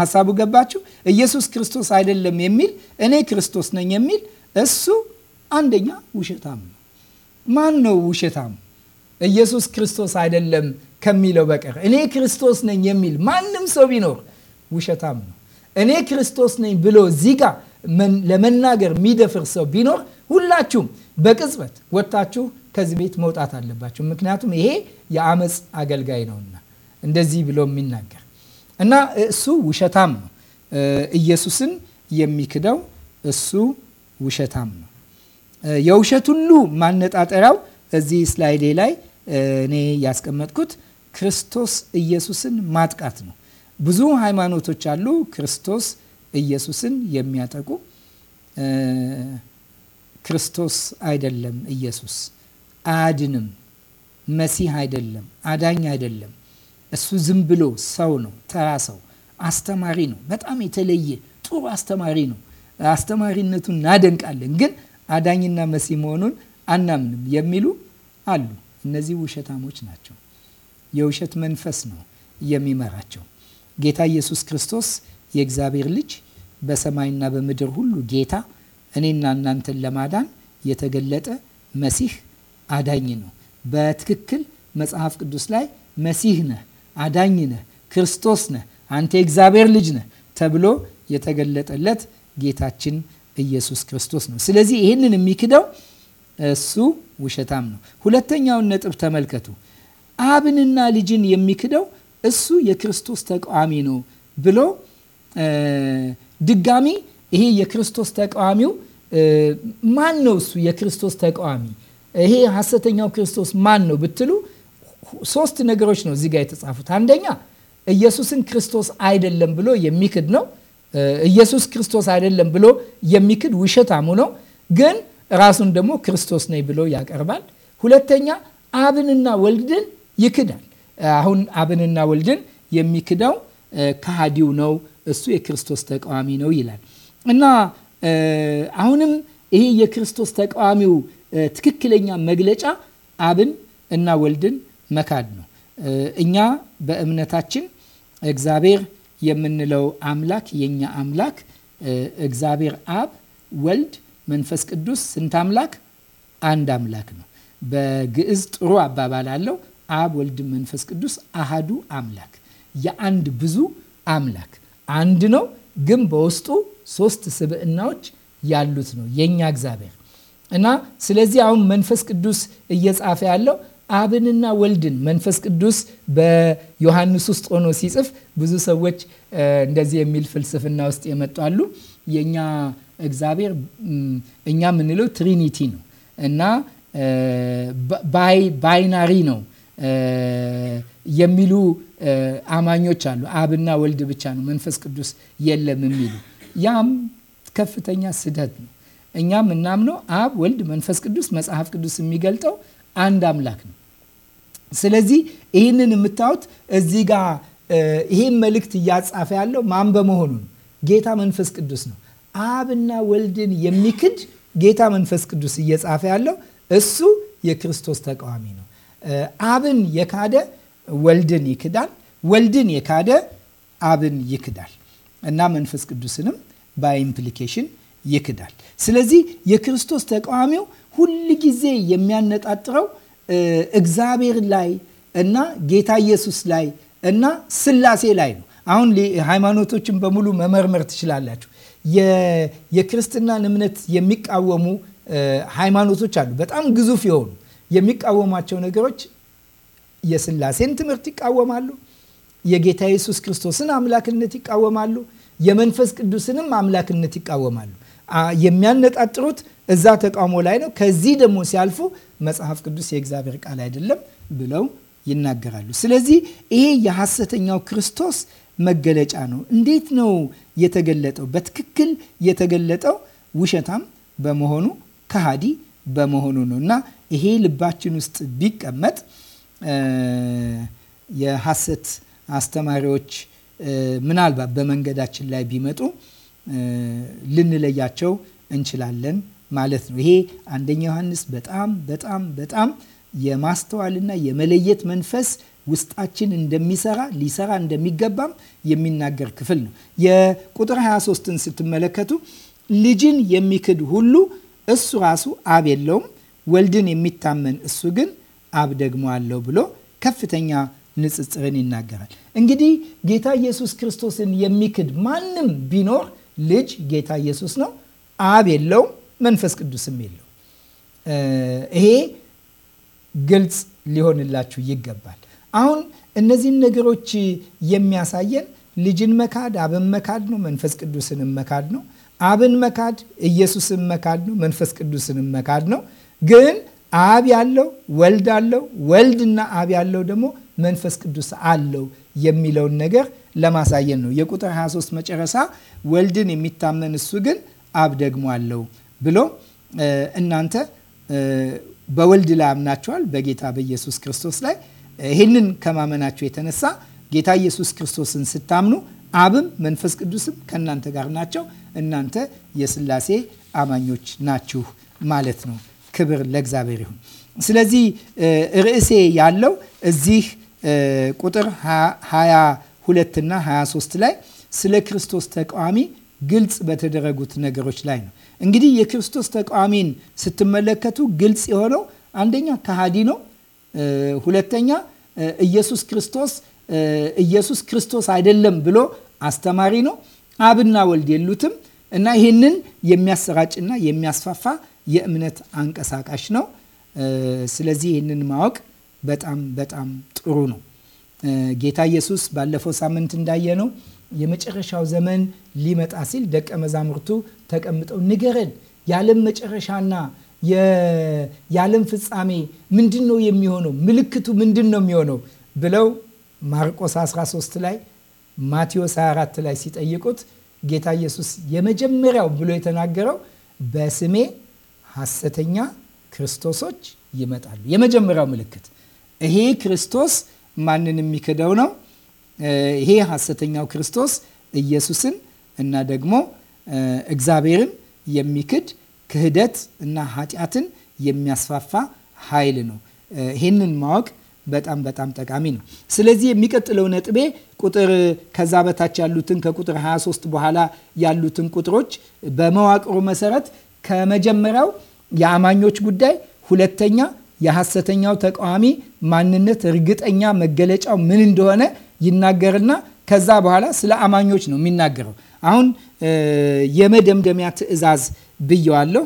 Speaker 1: ሀሳቡ ገባችሁ? ኢየሱስ ክርስቶስ አይደለም የሚል እኔ ክርስቶስ ነኝ የሚል እሱ አንደኛ ውሸታም ነው። ማን ነው ውሸታም? ኢየሱስ ክርስቶስ አይደለም ከሚለው በቀር እኔ ክርስቶስ ነኝ የሚል ማንም ሰው ቢኖር ውሸታም ነው። እኔ ክርስቶስ ነኝ ብሎ እዚህ ጋር ለመናገር የሚደፍር ሰው ቢኖር ሁላችሁም በቅጽበት ወጥታችሁ ከዚህ ቤት መውጣት አለባችሁ። ምክንያቱም ይሄ የአመፅ አገልጋይ ነውና እንደዚህ ብሎ የሚናገር እና እሱ ውሸታም ነው። ኢየሱስን የሚክደው እሱ ውሸታም ነው። የውሸት ሁሉ ማነጣጠሪያው እዚህ ስላይዴ ላይ እኔ ያስቀመጥኩት ክርስቶስ ኢየሱስን ማጥቃት ነው። ብዙ ሃይማኖቶች አሉ ክርስቶስ ኢየሱስን የሚያጠቁ ክርስቶስ አይደለም፣ ኢየሱስ አያድንም፣ መሲህ አይደለም፣ አዳኝ አይደለም። እሱ ዝም ብሎ ሰው ነው፣ ተራ ሰው። አስተማሪ ነው፣ በጣም የተለየ ጥሩ አስተማሪ ነው። አስተማሪነቱን እናደንቃለን፣ ግን አዳኝና መሲህ መሆኑን አናምንም የሚሉ አሉ። እነዚህ ውሸታሞች ናቸው። የውሸት መንፈስ ነው የሚመራቸው። ጌታ ኢየሱስ ክርስቶስ የእግዚአብሔር ልጅ በሰማይና በምድር ሁሉ ጌታ እኔና እናንተን ለማዳን የተገለጠ መሲህ አዳኝ ነው። በትክክል መጽሐፍ ቅዱስ ላይ መሲህ ነህ፣ አዳኝ ነህ፣ ክርስቶስ ነህ፣ አንተ የእግዚአብሔር ልጅ ነህ ተብሎ የተገለጠለት ጌታችን ኢየሱስ ክርስቶስ ነው። ስለዚህ ይህንን የሚክደው እሱ ውሸታም ነው። ሁለተኛውን ነጥብ ተመልከቱ። አብንና ልጅን የሚክደው እሱ የክርስቶስ ተቃዋሚ ነው ብሎ ድጋሚ ይሄ የክርስቶስ ተቃዋሚው ማን ነው? እሱ የክርስቶስ ተቃዋሚ ይሄ ሐሰተኛው ክርስቶስ ማን ነው ብትሉ ሶስት ነገሮች ነው እዚህ ጋር የተጻፉት። አንደኛ ኢየሱስን ክርስቶስ አይደለም ብሎ የሚክድ ነው። ኢየሱስ ክርስቶስ አይደለም ብሎ የሚክድ ውሸታሙ ነው፣ ግን ራሱን ደግሞ ክርስቶስ ነኝ ብሎ ያቀርባል። ሁለተኛ አብንና ወልድን ይክዳል። አሁን አብንና ወልድን የሚክደው ከሃዲው ነው እሱ የክርስቶስ ተቃዋሚ ነው ይላል እና አሁንም ይሄ የክርስቶስ ተቃዋሚው ትክክለኛ መግለጫ አብን እና ወልድን መካድ ነው። እኛ በእምነታችን እግዚአብሔር የምንለው አምላክ የእኛ አምላክ እግዚአብሔር አብ፣ ወልድ፣ መንፈስ ቅዱስ ስንት አምላክ? አንድ አምላክ ነው። በግዕዝ ጥሩ አባባል አለው። አብ፣ ወልድ፣ መንፈስ ቅዱስ አሃዱ አምላክ፣ የአንድ ብዙ አምላክ አንድ ነው፣ ግን በውስጡ ሶስት ስብዕናዎች ያሉት ነው የእኛ እግዚአብሔር እና ስለዚህ አሁን መንፈስ ቅዱስ እየጻፈ ያለው አብንና ወልድን መንፈስ ቅዱስ በዮሐንስ ውስጥ ሆኖ ሲጽፍ ብዙ ሰዎች እንደዚህ የሚል ፍልስፍና ውስጥ የመጡ አሉ። የእኛ እግዚአብሔር እኛ የምንለው ትሪኒቲ ነው እና ባይናሪ ነው የሚሉ አማኞች አሉ። አብና ወልድ ብቻ ነው መንፈስ ቅዱስ የለም የሚሉ። ያም ከፍተኛ ስህተት ነው። እኛም እናምነው አብ፣ ወልድ፣ መንፈስ ቅዱስ መጽሐፍ ቅዱስ የሚገልጠው አንድ አምላክ ነው። ስለዚህ ይህንን የምታዩት እዚህ ጋር ይህን መልእክት እያጻፈ ያለው ማን በመሆኑ ነው? ጌታ መንፈስ ቅዱስ ነው። አብና ወልድን የሚክድ ጌታ መንፈስ ቅዱስ እየጻፈ ያለው እሱ የክርስቶስ ተቃዋሚ ነው። አብን የካደ ወልድን ይክዳል። ወልድን የካደ አብን ይክዳል እና መንፈስ ቅዱስንም በኢምፕሊኬሽን ይክዳል። ስለዚህ የክርስቶስ ተቃዋሚው ሁል ጊዜ የሚያነጣጥረው እግዚአብሔር ላይ እና ጌታ ኢየሱስ ላይ እና ስላሴ ላይ ነው። አሁን ሃይማኖቶችን በሙሉ መመርመር ትችላላችሁ። የክርስትናን እምነት የሚቃወሙ ሃይማኖቶች አሉ። በጣም ግዙፍ የሆኑ የሚቃወሟቸው ነገሮች የስላሴን ትምህርት ይቃወማሉ። የጌታ ኢየሱስ ክርስቶስን አምላክነት ይቃወማሉ። የመንፈስ ቅዱስንም አምላክነት ይቃወማሉ። የሚያነጣጥሩት እዛ ተቃውሞ ላይ ነው። ከዚህ ደግሞ ሲያልፉ መጽሐፍ ቅዱስ የእግዚአብሔር ቃል አይደለም ብለው ይናገራሉ። ስለዚህ ይሄ የሐሰተኛው ክርስቶስ መገለጫ ነው። እንዴት ነው የተገለጠው? በትክክል የተገለጠው ውሸታም በመሆኑ ከሃዲ በመሆኑ ነው እና ይሄ ልባችን ውስጥ ቢቀመጥ የሐሰት አስተማሪዎች ምናልባት በመንገዳችን ላይ ቢመጡ ልንለያቸው እንችላለን ማለት ነው። ይሄ አንደኛ ዮሐንስ በጣም በጣም በጣም የማስተዋልና የመለየት መንፈስ ውስጣችን እንደሚሰራ ሊሰራ እንደሚገባም የሚናገር ክፍል ነው። የቁጥር 23ን ስትመለከቱ ልጅን የሚክድ ሁሉ እሱ ራሱ አብ የለውም፣ ወልድን የሚታመን እሱ ግን አብ ደግሞ አለው ብሎ ከፍተኛ ንጽጽርን ይናገራል። እንግዲህ ጌታ ኢየሱስ ክርስቶስን የሚክድ ማንም ቢኖር ልጅ ጌታ ኢየሱስ ነው፣ አብ የለውም፣ መንፈስ ቅዱስም የለው። ይሄ ግልጽ ሊሆንላችሁ ይገባል። አሁን እነዚህን ነገሮች የሚያሳየን ልጅን መካድ አብን መካድ ነው፣ መንፈስ ቅዱስንም መካድ ነው። አብን መካድ ኢየሱስን መካድ ነው፣ መንፈስ ቅዱስንም መካድ ነው ግን አብ ያለው ወልድ አለው፣ ወልድና አብ ያለው ደግሞ መንፈስ ቅዱስ አለው የሚለውን ነገር ለማሳየን ነው። የቁጥር 23 መጨረሻ ወልድን የሚታመን እሱ ግን አብ ደግሞ አለው ብሎ እናንተ በወልድ ላይ አምናችኋል፣ በጌታ በኢየሱስ ክርስቶስ ላይ። ይህንን ከማመናችሁ የተነሳ ጌታ ኢየሱስ ክርስቶስን ስታምኑ አብም መንፈስ ቅዱስም ከእናንተ ጋር ናቸው፣ እናንተ የስላሴ አማኞች ናችሁ ማለት ነው። ክብር ለእግዚአብሔር ይሁን። ስለዚህ ርዕሴ ያለው እዚህ ቁጥር 22 እና 23 ላይ ስለ ክርስቶስ ተቃዋሚ ግልጽ በተደረጉት ነገሮች ላይ ነው። እንግዲህ የክርስቶስ ተቃዋሚን ስትመለከቱ ግልጽ የሆነው አንደኛ ከሃዲ ነው። ሁለተኛ ኢየሱስ ክርስቶስ ኢየሱስ ክርስቶስ አይደለም ብሎ አስተማሪ ነው። አብና ወልድ የሉትም እና ይህንን የሚያሰራጭና የሚያስፋፋ የእምነት አንቀሳቃሽ ነው። ስለዚህ ይህንን ማወቅ በጣም በጣም ጥሩ ነው። ጌታ ኢየሱስ ባለፈው ሳምንት እንዳየነው የመጨረሻው ዘመን ሊመጣ ሲል ደቀ መዛሙርቱ ተቀምጠው ንገረን፣ የዓለም መጨረሻና የዓለም ፍጻሜ ምንድን ነው የሚሆነው? ምልክቱ ምንድን ነው የሚሆነው ብለው ማርቆስ 13 ላይ ማቴዎስ 24 ላይ ሲጠይቁት ጌታ ኢየሱስ የመጀመሪያው ብሎ የተናገረው በስሜ ሐሰተኛ ክርስቶሶች ይመጣሉ። የመጀመሪያው ምልክት ይሄ ክርስቶስ ማንን የሚክደው ነው? ይሄ ሐሰተኛው ክርስቶስ ኢየሱስን እና ደግሞ እግዚአብሔርን የሚክድ ክህደት እና ኃጢአትን የሚያስፋፋ ኃይል ነው። ይህንን ማወቅ በጣም በጣም ጠቃሚ ነው። ስለዚህ የሚቀጥለው ነጥቤ ቁጥር ከዛ በታች ያሉትን ከቁጥር 23 በኋላ ያሉትን ቁጥሮች በመዋቅሩ መሰረት ከመጀመሪያው የአማኞች ጉዳይ፣ ሁለተኛ የሐሰተኛው ተቃዋሚ ማንነት እርግጠኛ መገለጫው ምን እንደሆነ ይናገርና ከዛ በኋላ ስለ አማኞች ነው የሚናገረው። አሁን የመደምደሚያ ትእዛዝ ብየዋለሁ።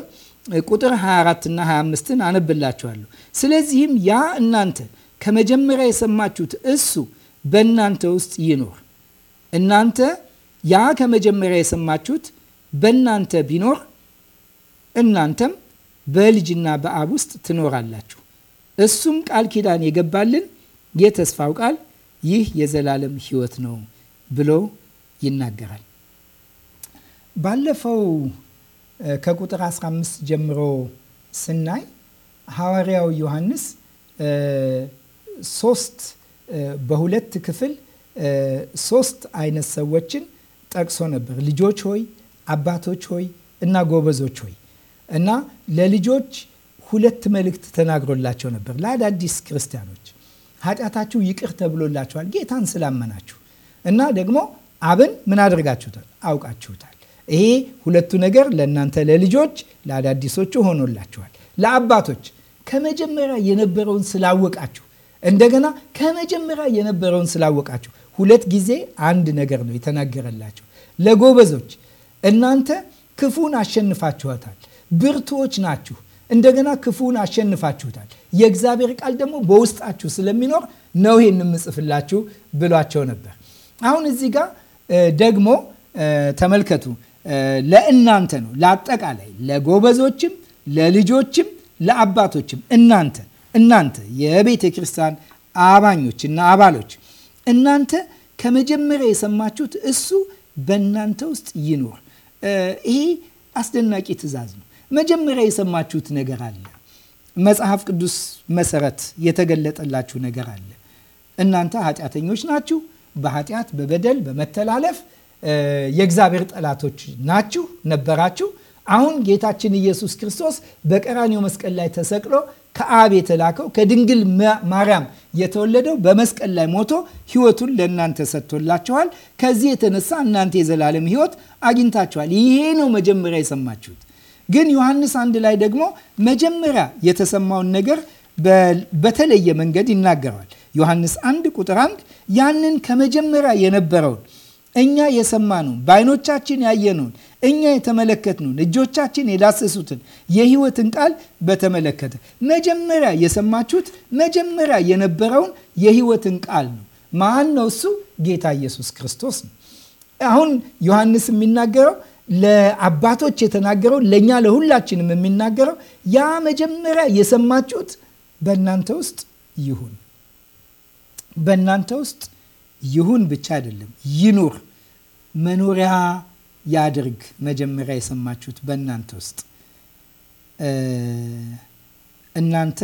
Speaker 1: ቁጥር 24 እና 25ን አነብላችኋለሁ። ስለዚህም ያ እናንተ ከመጀመሪያ የሰማችሁት እሱ በእናንተ ውስጥ ይኖር፣ እናንተ ያ ከመጀመሪያ የሰማችሁት በእናንተ ቢኖር እናንተም በልጅና በአብ ውስጥ ትኖራላችሁ። እሱም ቃል ኪዳን የገባልን የተስፋው ቃል ይህ የዘላለም ሕይወት ነው ብሎ ይናገራል። ባለፈው ከቁጥር 15 ጀምሮ ስናይ ሐዋርያው ዮሐንስ ሶስት በሁለት ክፍል ሶስት አይነት ሰዎችን ጠቅሶ ነበር። ልጆች ሆይ፣ አባቶች ሆይ እና ጎበዞች ሆይ እና ለልጆች ሁለት መልእክት ተናግሮላቸው ነበር። ለአዳዲስ ክርስቲያኖች ኃጢአታችሁ ይቅር ተብሎላችኋል ጌታን ስላመናችሁ እና ደግሞ አብን ምን አድርጋችሁታል? አውቃችሁታል። ይሄ ሁለቱ ነገር ለእናንተ ለልጆች ለአዳዲሶቹ ሆኖላችኋል። ለአባቶች ከመጀመሪያ የነበረውን ስላወቃችሁ እንደገና ከመጀመሪያ የነበረውን ስላወቃችሁ ሁለት ጊዜ አንድ ነገር ነው የተናገረላቸው። ለጎበዞች እናንተ ክፉን አሸንፋችኋታል ብርቱዎች ናችሁ። እንደገና ክፉን አሸንፋችሁታል። የእግዚአብሔር ቃል ደግሞ በውስጣችሁ ስለሚኖር ነው ይህን የምጽፍላችሁ ብሏቸው ነበር። አሁን እዚህ ጋር ደግሞ ተመልከቱ። ለእናንተ ነው ለአጠቃላይ ለጎበዞችም፣ ለልጆችም፣ ለአባቶችም እናንተ እናንተ የቤተ ክርስቲያን አባኞች እና አባሎች እናንተ ከመጀመሪያ የሰማችሁት እሱ በእናንተ ውስጥ ይኖር። ይሄ አስደናቂ ትእዛዝ ነው። መጀመሪያ የሰማችሁት ነገር አለ። መጽሐፍ ቅዱስ መሰረት የተገለጠላችሁ ነገር አለ። እናንተ ኃጢአተኞች ናችሁ፣ በኃጢአት በበደል በመተላለፍ የእግዚአብሔር ጠላቶች ናችሁ ነበራችሁ። አሁን ጌታችን ኢየሱስ ክርስቶስ በቀራኒው መስቀል ላይ ተሰቅሎ ከአብ የተላከው ከድንግል ማርያም የተወለደው በመስቀል ላይ ሞቶ ሕይወቱን ለእናንተ ሰጥቶላችኋል። ከዚህ የተነሳ እናንተ የዘላለም ሕይወት አግኝታችኋል። ይሄ ነው መጀመሪያ የሰማችሁት። ግን ዮሐንስ አንድ ላይ ደግሞ መጀመሪያ የተሰማውን ነገር በተለየ መንገድ ይናገረዋል። ዮሐንስ አንድ ቁጥር አንድ ያንን ከመጀመሪያ የነበረውን እኛ የሰማነውን በአይኖቻችን ያየነውን እኛ የተመለከትነውን እጆቻችን የዳሰሱትን የህይወትን ቃል በተመለከተ መጀመሪያ የሰማችሁት መጀመሪያ የነበረውን የህይወትን ቃል ነው። ማን ነው እሱ? ጌታ ኢየሱስ ክርስቶስ ነው። አሁን ዮሐንስ የሚናገረው ለአባቶች የተናገረው ለእኛ ለሁላችንም የሚናገረው ያ መጀመሪያ የሰማችሁት በእናንተ ውስጥ ይሁን። በእናንተ ውስጥ ይሁን ብቻ አይደለም ይኑር፣ መኖሪያ ያድርግ። መጀመሪያ የሰማችሁት በእናንተ ውስጥ እናንተ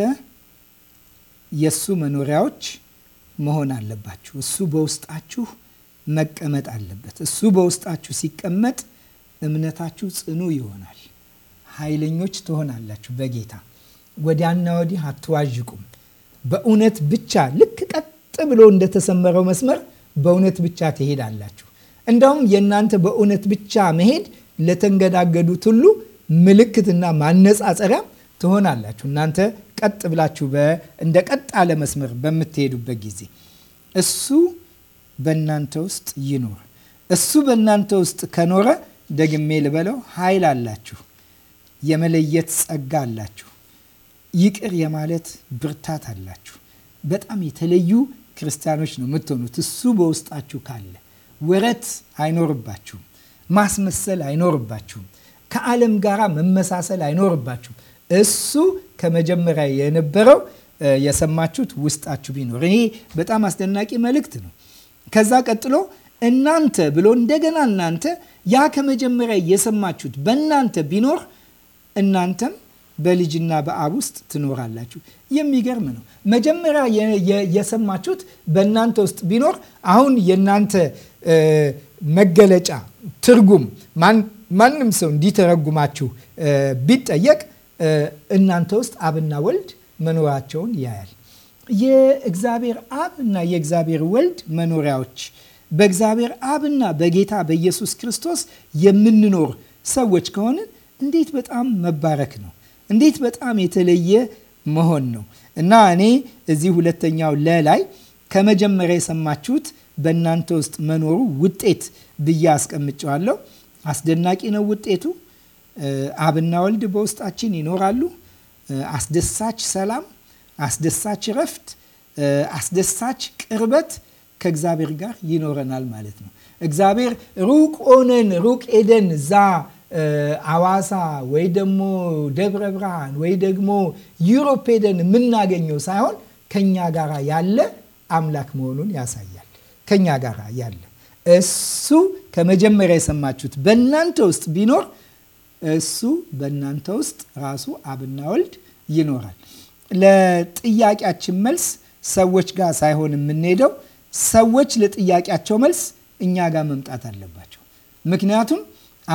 Speaker 1: የእሱ መኖሪያዎች መሆን አለባችሁ። እሱ በውስጣችሁ መቀመጥ አለበት። እሱ በውስጣችሁ ሲቀመጥ እምነታችሁ ጽኑ ይሆናል። ኃይለኞች ትሆናላችሁ። በጌታ ወዲያና ወዲህ አትዋዥቁም። በእውነት ብቻ ልክ ቀጥ ብሎ እንደተሰመረው መስመር በእውነት ብቻ ትሄዳላችሁ። እንደውም የእናንተ በእውነት ብቻ መሄድ ለተንገዳገዱት ሁሉ ምልክትና ማነጻጸሪያ ትሆናላችሁ። እናንተ ቀጥ ብላችሁ እንደ ቀጥ ያለ መስመር በምትሄዱበት ጊዜ እሱ በእናንተ ውስጥ ይኖር። እሱ በእናንተ ውስጥ ከኖረ ደግሜ ልበለው፣ ኃይል አላችሁ፣ የመለየት ጸጋ አላችሁ፣ ይቅር የማለት ብርታት አላችሁ። በጣም የተለዩ ክርስቲያኖች ነው የምትሆኑት። እሱ በውስጣችሁ ካለ ወረት አይኖርባችሁም፣ ማስመሰል አይኖርባችሁም፣ ከዓለም ጋራ መመሳሰል አይኖርባችሁም። እሱ ከመጀመሪያ የነበረው የሰማችሁት ውስጣችሁ ቢኖር ይሄ በጣም አስደናቂ መልእክት ነው። ከዛ ቀጥሎ እናንተ ብሎ እንደገና እናንተ ያ ከመጀመሪያ የሰማችሁት በእናንተ ቢኖር እናንተም በልጅና በአብ ውስጥ ትኖራላችሁ። የሚገርም ነው። መጀመሪያ የሰማችሁት በእናንተ ውስጥ ቢኖር አሁን የእናንተ መገለጫ ትርጉም ማንም ሰው እንዲተረጉማችሁ ቢጠየቅ እናንተ ውስጥ አብና ወልድ መኖራቸውን ያያል። የእግዚአብሔር አብ እና የእግዚአብሔር ወልድ መኖሪያዎች በእግዚአብሔር አብና በጌታ በኢየሱስ ክርስቶስ የምንኖር ሰዎች ከሆንን እንዴት በጣም መባረክ ነው! እንዴት በጣም የተለየ መሆን ነው እና እኔ እዚህ ሁለተኛው ለላይ ከመጀመሪያ የሰማችሁት በእናንተ ውስጥ መኖሩ ውጤት ብዬ አስቀምጨዋለሁ። አስደናቂ ነው ውጤቱ። አብና ወልድ በውስጣችን ይኖራሉ። አስደሳች ሰላም፣ አስደሳች እረፍት፣ አስደሳች ቅርበት ከእግዚአብሔር ጋር ይኖረናል ማለት ነው። እግዚአብሔር ሩቅ ሆነን ሩቅ ኤደን እዛ አዋሳ ወይ ደግሞ ደብረ ብርሃን ወይ ደግሞ ዩሮፕ ሄደን የምናገኘው ሳይሆን ከኛ ጋራ ያለ አምላክ መሆኑን ያሳያል። ከኛ ጋራ ያለ እሱ ከመጀመሪያ የሰማችሁት በእናንተ ውስጥ ቢኖር እሱ በእናንተ ውስጥ ራሱ አብና ወልድ ይኖራል። ለጥያቄያችን መልስ ሰዎች ጋር ሳይሆን የምንሄደው ሰዎች ለጥያቄያቸው መልስ እኛ ጋር መምጣት አለባቸው። ምክንያቱም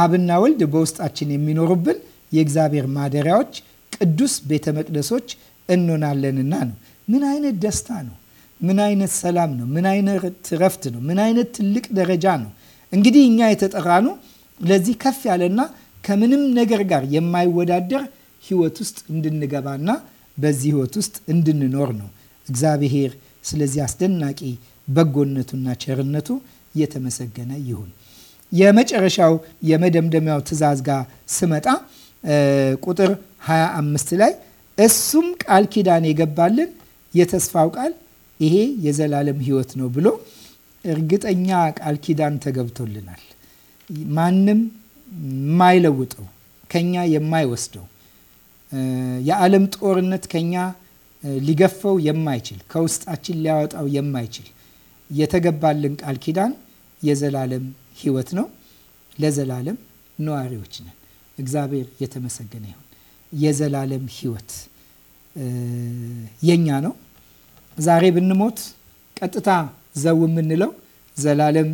Speaker 1: አብና ወልድ በውስጣችን የሚኖሩብን የእግዚአብሔር ማደሪያዎች፣ ቅዱስ ቤተ መቅደሶች እንሆናለንና ነው። ምን አይነት ደስታ ነው! ምን አይነት ሰላም ነው! ምን አይነት ረፍት ነው! ምን አይነት ትልቅ ደረጃ ነው! እንግዲህ እኛ የተጠራኑ ለዚህ ከፍ ያለና ከምንም ነገር ጋር የማይወዳደር ህይወት ውስጥ እንድንገባና በዚህ ህይወት ውስጥ እንድንኖር ነው። እግዚአብሔር ስለዚህ አስደናቂ በጎነቱና ቸርነቱ የተመሰገነ ይሁን። የመጨረሻው የመደምደሚያው ትእዛዝ ጋር ስመጣ ቁጥር 25 ላይ እሱም ቃል ኪዳን የገባልን የተስፋው ቃል ይሄ የዘላለም ሕይወት ነው ብሎ እርግጠኛ ቃል ኪዳን ተገብቶልናል። ማንም የማይለውጠው ከኛ የማይወስደው የዓለም ጦርነት ከኛ ሊገፈው የማይችል ከውስጣችን ሊያወጣው የማይችል የተገባልን ቃል ኪዳን የዘላለም ህይወት ነው። ለዘላለም ነዋሪዎች ነን። እግዚአብሔር የተመሰገነ ይሁን። የዘላለም ህይወት የኛ ነው። ዛሬ ብንሞት ቀጥታ ዘው የምንለው ዘላለም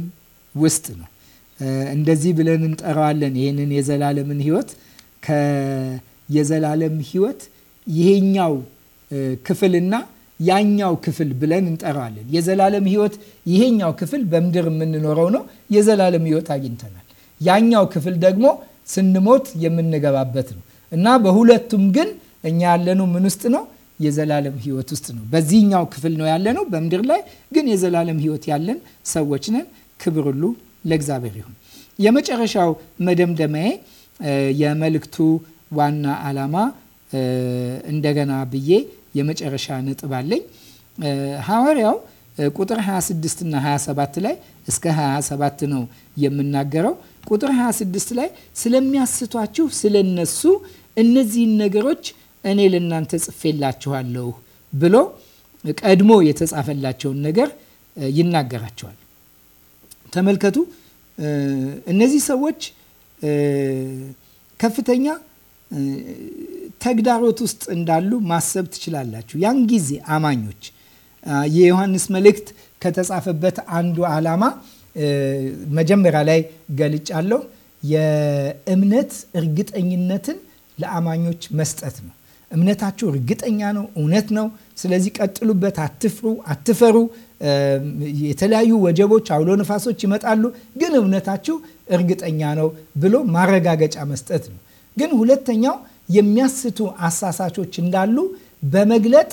Speaker 1: ውስጥ ነው። እንደዚህ ብለን እንጠራዋለን። ይህንን የዘላለምን ህይወት ከየዘላለም ህይወት ይሄኛው ክፍልና ያኛው ክፍል ብለን እንጠራዋለን። የዘላለም ህይወት ይሄኛው ክፍል በምድር የምንኖረው ነው። የዘላለም ህይወት አግኝተናል። ያኛው ክፍል ደግሞ ስንሞት የምንገባበት ነው እና በሁለቱም ግን እኛ ያለነው ምን ውስጥ ነው? የዘላለም ህይወት ውስጥ ነው። በዚህኛው ክፍል ነው ያለነው በምድር ላይ ግን የዘላለም ህይወት ያለን ሰዎች ነን። ክብር ሁሉ ለእግዚአብሔር ይሁን። የመጨረሻው መደምደማዬ የመልእክቱ ዋና ዓላማ እንደገና ብዬ የመጨረሻ ነጥብ አለኝ። ሐዋርያው ቁጥር 26 እና 27 ላይ እስከ 27 ነው የምናገረው። ቁጥር 26 ላይ ስለሚያስቷችሁ ስለነሱ እነዚህን ነገሮች እኔ ለእናንተ ጽፌላችኋለሁ ብሎ ቀድሞ የተጻፈላቸውን ነገር ይናገራቸዋል። ተመልከቱ። እነዚህ ሰዎች ከፍተኛ ተግዳሮት ውስጥ እንዳሉ ማሰብ ትችላላችሁ። ያን ጊዜ አማኞች የዮሐንስ መልእክት ከተጻፈበት አንዱ ዓላማ መጀመሪያ ላይ ገልጫለሁ፣ የእምነት እርግጠኝነትን ለአማኞች መስጠት ነው። እምነታችሁ እርግጠኛ ነው፣ እውነት ነው። ስለዚህ ቀጥሉበት፣ አትፍሩ፣ አትፈሩ። የተለያዩ ወጀቦች፣ አውሎ ነፋሶች ይመጣሉ፣ ግን እምነታችሁ እርግጠኛ ነው ብሎ ማረጋገጫ መስጠት ነው። ግን ሁለተኛው የሚያስቱ አሳሳቾች እንዳሉ በመግለጥ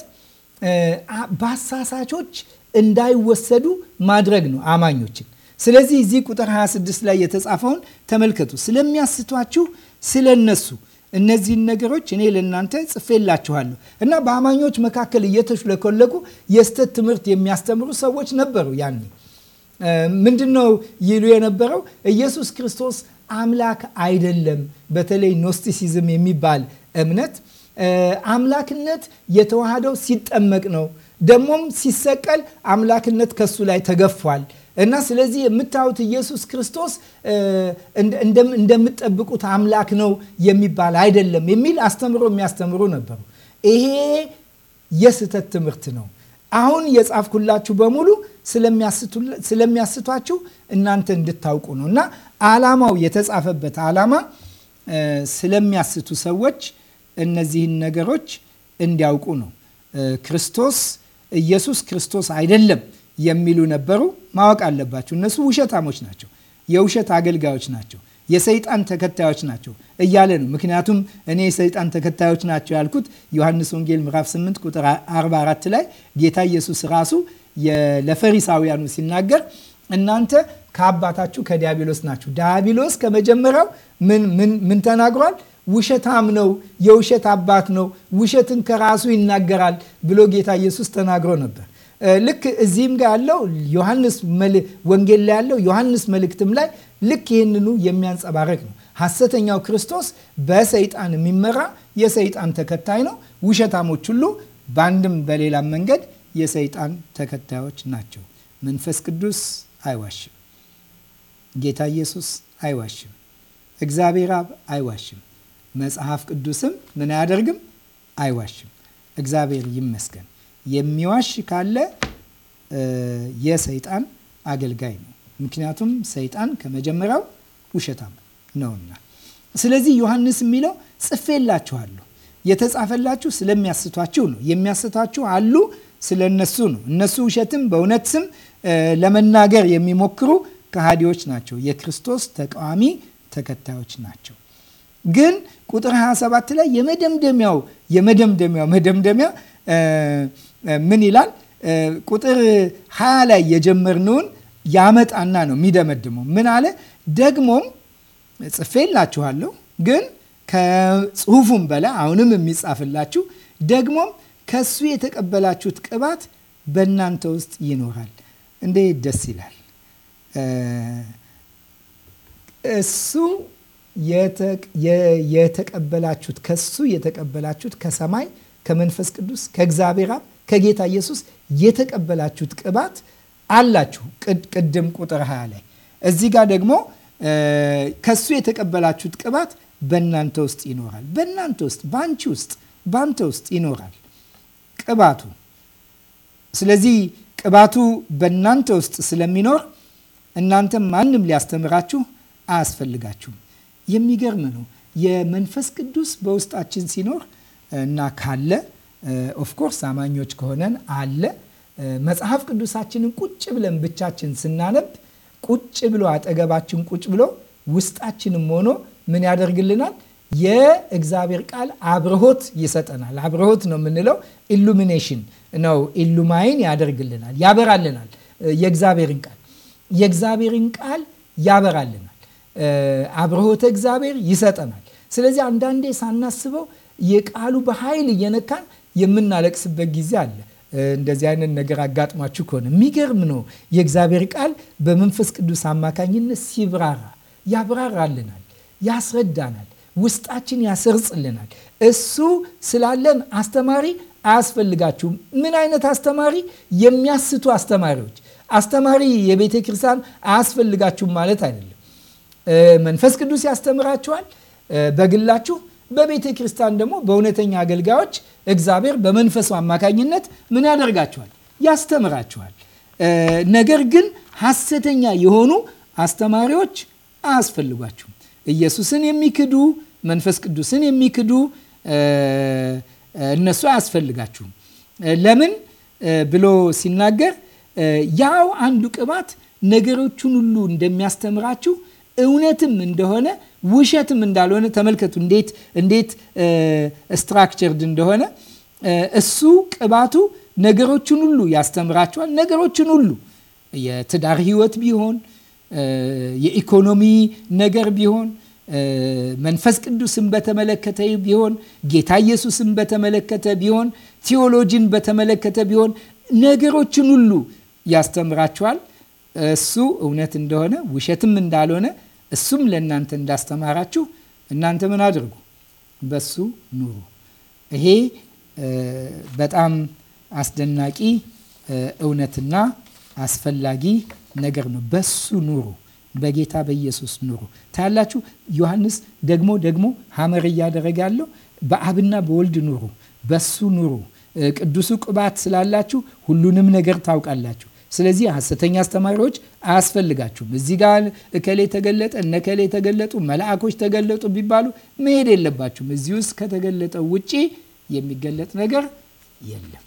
Speaker 1: በአሳሳቾች እንዳይወሰዱ ማድረግ ነው አማኞችን። ስለዚህ እዚህ ቁጥር 26 ላይ የተጻፈውን ተመልከቱ። ስለሚያስቷችሁ ስለነሱ እነዚህን ነገሮች እኔ ለእናንተ ጽፌላችኋለሁ። እና በአማኞች መካከል እየተሽለኮለኩ የስተት ትምህርት የሚያስተምሩ ሰዎች ነበሩ ያኔ ምንድን ነው ይሉ የነበረው? ኢየሱስ ክርስቶስ አምላክ አይደለም። በተለይ ኖስቲሲዝም የሚባል እምነት አምላክነት የተዋህደው ሲጠመቅ ነው። ደግሞም ሲሰቀል አምላክነት ከሱ ላይ ተገፏል እና ስለዚህ የምታዩት ኢየሱስ ክርስቶስ እንደምትጠብቁት አምላክ ነው የሚባል አይደለም የሚል አስተምሮ የሚያስተምሩ ነበሩ። ይሄ የስህተት ትምህርት ነው። አሁን የጻፍኩላችሁ በሙሉ ስለሚያስቷችሁ እናንተ እንድታውቁ ነው። እና አላማው የተጻፈበት አላማ ስለሚያስቱ ሰዎች እነዚህን ነገሮች እንዲያውቁ ነው። ክርስቶስ ኢየሱስ ክርስቶስ አይደለም የሚሉ ነበሩ። ማወቅ አለባቸው። እነሱ ውሸታሞች ናቸው። የውሸት አገልጋዮች ናቸው። የሰይጣን ተከታዮች ናቸው እያለ ነው። ምክንያቱም እኔ የሰይጣን ተከታዮች ናቸው ያልኩት ዮሐንስ ወንጌል ምዕራፍ 8 ቁጥር 44 ላይ ጌታ ኢየሱስ ራሱ ለፈሪሳውያኑ ሲናገር እናንተ ከአባታችሁ ከዲያብሎስ ናችሁ። ዲያብሎስ ከመጀመሪያው ምን ተናግሯል? ውሸታም ነው፣ የውሸት አባት ነው፣ ውሸትን ከራሱ ይናገራል ብሎ ጌታ ኢየሱስ ተናግሮ ነበር። ልክ እዚህም ጋር ያለው ዮሐንስ ወንጌል ላይ ያለው ዮሐንስ መልእክትም ላይ ልክ ይህንኑ የሚያንጸባረቅ ነው። ሐሰተኛው ክርስቶስ በሰይጣን የሚመራ የሰይጣን ተከታይ ነው። ውሸታሞች ሁሉ በአንድም በሌላም መንገድ የሰይጣን ተከታዮች ናቸው። መንፈስ ቅዱስ አይዋሽም። ጌታ ኢየሱስ አይዋሽም። እግዚአብሔር አብ አይዋሽም። መጽሐፍ ቅዱስም ምን አያደርግም? አይዋሽም። እግዚአብሔር ይመስገን። የሚዋሽ ካለ የሰይጣን አገልጋይ ነው። ምክንያቱም ሰይጣን ከመጀመሪያው ውሸታም ነውና። ስለዚህ ዮሐንስ የሚለው ጽፌላችኋለሁ የተጻፈላችሁ ስለሚያስቷችሁ ነው። የሚያስቷችሁ አሉ ስለ እነሱ ነው። እነሱ ውሸትም በእውነት ስም ለመናገር የሚሞክሩ ከሃዲዎች ናቸው። የክርስቶስ ተቃዋሚ ተከታዮች ናቸው። ግን ቁጥር 27 ላይ የመደምደሚያው የመደምደሚያው መደምደሚያ ምን ይላል? ቁጥር 20 ላይ የጀመርነውን ያመጣና ነው የሚደመድመው። ምን አለ? ደግሞም ጽፌላችኋለሁ፣ ግን ከጽሁፉም በላይ አሁንም የሚጻፍላችሁ ደግሞም ከሱ የተቀበላችሁት ቅባት በእናንተ ውስጥ ይኖራል። እንዴት ደስ ይላል! እሱ የተቀበላችሁት ከሱ የተቀበላችሁት ከሰማይ ከመንፈስ ቅዱስ ከእግዚአብሔር አብ ከጌታ ኢየሱስ የተቀበላችሁት ቅባት አላችሁ። ቅድም ቁጥር ሃያ ላይ እዚህ ጋር ደግሞ ከሱ የተቀበላችሁት ቅባት በእናንተ ውስጥ ይኖራል። በእናንተ ውስጥ፣ በአንቺ ውስጥ፣ በአንተ ውስጥ ይኖራል። ቅባቱ። ስለዚህ ቅባቱ በእናንተ ውስጥ ስለሚኖር እናንተ ማንም ሊያስተምራችሁ አያስፈልጋችሁም። የሚገርም ነው። የመንፈስ ቅዱስ በውስጣችን ሲኖር እና ካለ ኦፍኮርስ አማኞች ከሆነን አለ መጽሐፍ ቅዱሳችንን ቁጭ ብለን ብቻችን ስናነብ ቁጭ ብሎ አጠገባችን ቁጭ ብሎ ውስጣችንም ሆኖ ምን ያደርግልናል? የእግዚአብሔር ቃል አብርሆት ይሰጠናል። አብርሆት ነው የምንለው ኢሉሚኔሽን ነው። ኢሉማይን ያደርግልናል፣ ያበራልናል። የእግዚአብሔርን ቃል የእግዚአብሔርን ቃል ያበራልናል። አብርሆተ እግዚአብሔር ይሰጠናል። ስለዚህ አንዳንዴ ሳናስበው የቃሉ በኃይል እየነካን የምናለቅስበት ጊዜ አለ። እንደዚህ አይነት ነገር አጋጥሟችሁ ከሆነ የሚገርም ነው። የእግዚአብሔር ቃል በመንፈስ ቅዱስ አማካኝነት ሲብራራ ያብራራልናል፣ ያስረዳናል። ውስጣችን ያሰርጽልናል። እሱ ስላለን አስተማሪ አያስፈልጋችሁም። ምን አይነት አስተማሪ? የሚያስቱ አስተማሪዎች። አስተማሪ የቤተ ክርስቲያን አያስፈልጋችሁም ማለት አይደለም። መንፈስ ቅዱስ ያስተምራችኋል በግላችሁ በቤተ ክርስቲያን ደግሞ በእውነተኛ አገልጋዮች እግዚአብሔር በመንፈሱ አማካኝነት ምን ያደርጋችኋል? ያስተምራችኋል። ነገር ግን ሐሰተኛ የሆኑ አስተማሪዎች አያስፈልጓችሁም። ኢየሱስን የሚክዱ መንፈስ ቅዱስን የሚክዱ እነሱ አያስፈልጋችሁም። ለምን ብሎ ሲናገር ያው አንዱ ቅባት ነገሮቹን ሁሉ እንደሚያስተምራችሁ እውነትም እንደሆነ ውሸትም እንዳልሆነ ተመልከቱ። እንዴት እንዴት ስትራክቸርድ እንደሆነ እሱ ቅባቱ ነገሮችን ሁሉ ያስተምራችኋል። ነገሮችን ሁሉ የትዳር ህይወት ቢሆን የኢኮኖሚ ነገር ቢሆን መንፈስ ቅዱስን በተመለከተ ቢሆን ጌታ ኢየሱስን በተመለከተ ቢሆን ቴዎሎጂን በተመለከተ ቢሆን ነገሮችን ሁሉ ያስተምራቸዋል እሱ እውነት እንደሆነ ውሸትም እንዳልሆነ እሱም ለእናንተ እንዳስተማራችሁ እናንተ ምን አድርጉ? በሱ ኑሩ። ይሄ በጣም አስደናቂ እውነትና አስፈላጊ ነገር ነው። በሱ ኑሩ፣ በጌታ በኢየሱስ ኑሩ። ታያላችሁ። ዮሐንስ ደግሞ ደግሞ ሀመር እያደረገ ያለው በአብና በወልድ ኑሩ፣ በሱ ኑሩ። ቅዱሱ ቅባት ስላላችሁ ሁሉንም ነገር ታውቃላችሁ። ስለዚህ ሐሰተኛ አስተማሪዎች አያስፈልጋችሁም። እዚህ ጋር እከሌ ተገለጠ፣ እነከሌ ተገለጡ፣ መልአኮች ተገለጡ ቢባሉ መሄድ የለባችሁም። እዚህ ውስጥ ከተገለጠ ውጪ የሚገለጥ ነገር የለም።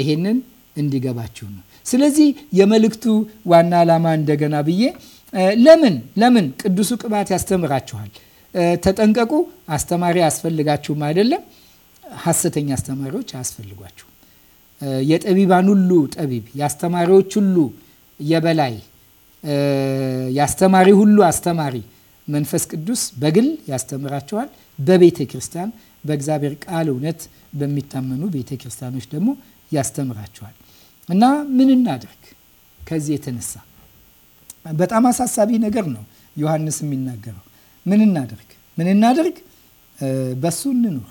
Speaker 1: ይሄንን እንዲገባችሁ ነው። ስለዚህ የመልእክቱ ዋና ዓላማ እንደገና ብዬ ለምን ለምን ቅዱሱ ቅባት ያስተምራችኋል። ተጠንቀቁ፣ አስተማሪ አያስፈልጋችሁም አይደለም። ሐሰተኛ አስተማሪዎች አያስፈልጓችሁም። የጠቢባን ሁሉ ጠቢብ፣ የአስተማሪዎች ሁሉ የበላይ፣ የአስተማሪ ሁሉ አስተማሪ መንፈስ ቅዱስ በግል ያስተምራችኋል። በቤተ ክርስቲያን በእግዚአብሔር ቃል እውነት በሚታመኑ ቤተ ክርስቲያኖች ደግሞ ያስተምራችኋል። እና ምን እናድርግ? ከዚህ የተነሳ በጣም አሳሳቢ ነገር ነው ዮሐንስ የሚናገረው። ምን እናድርግ? ምን እናድርግ? በሱ እንኑር፣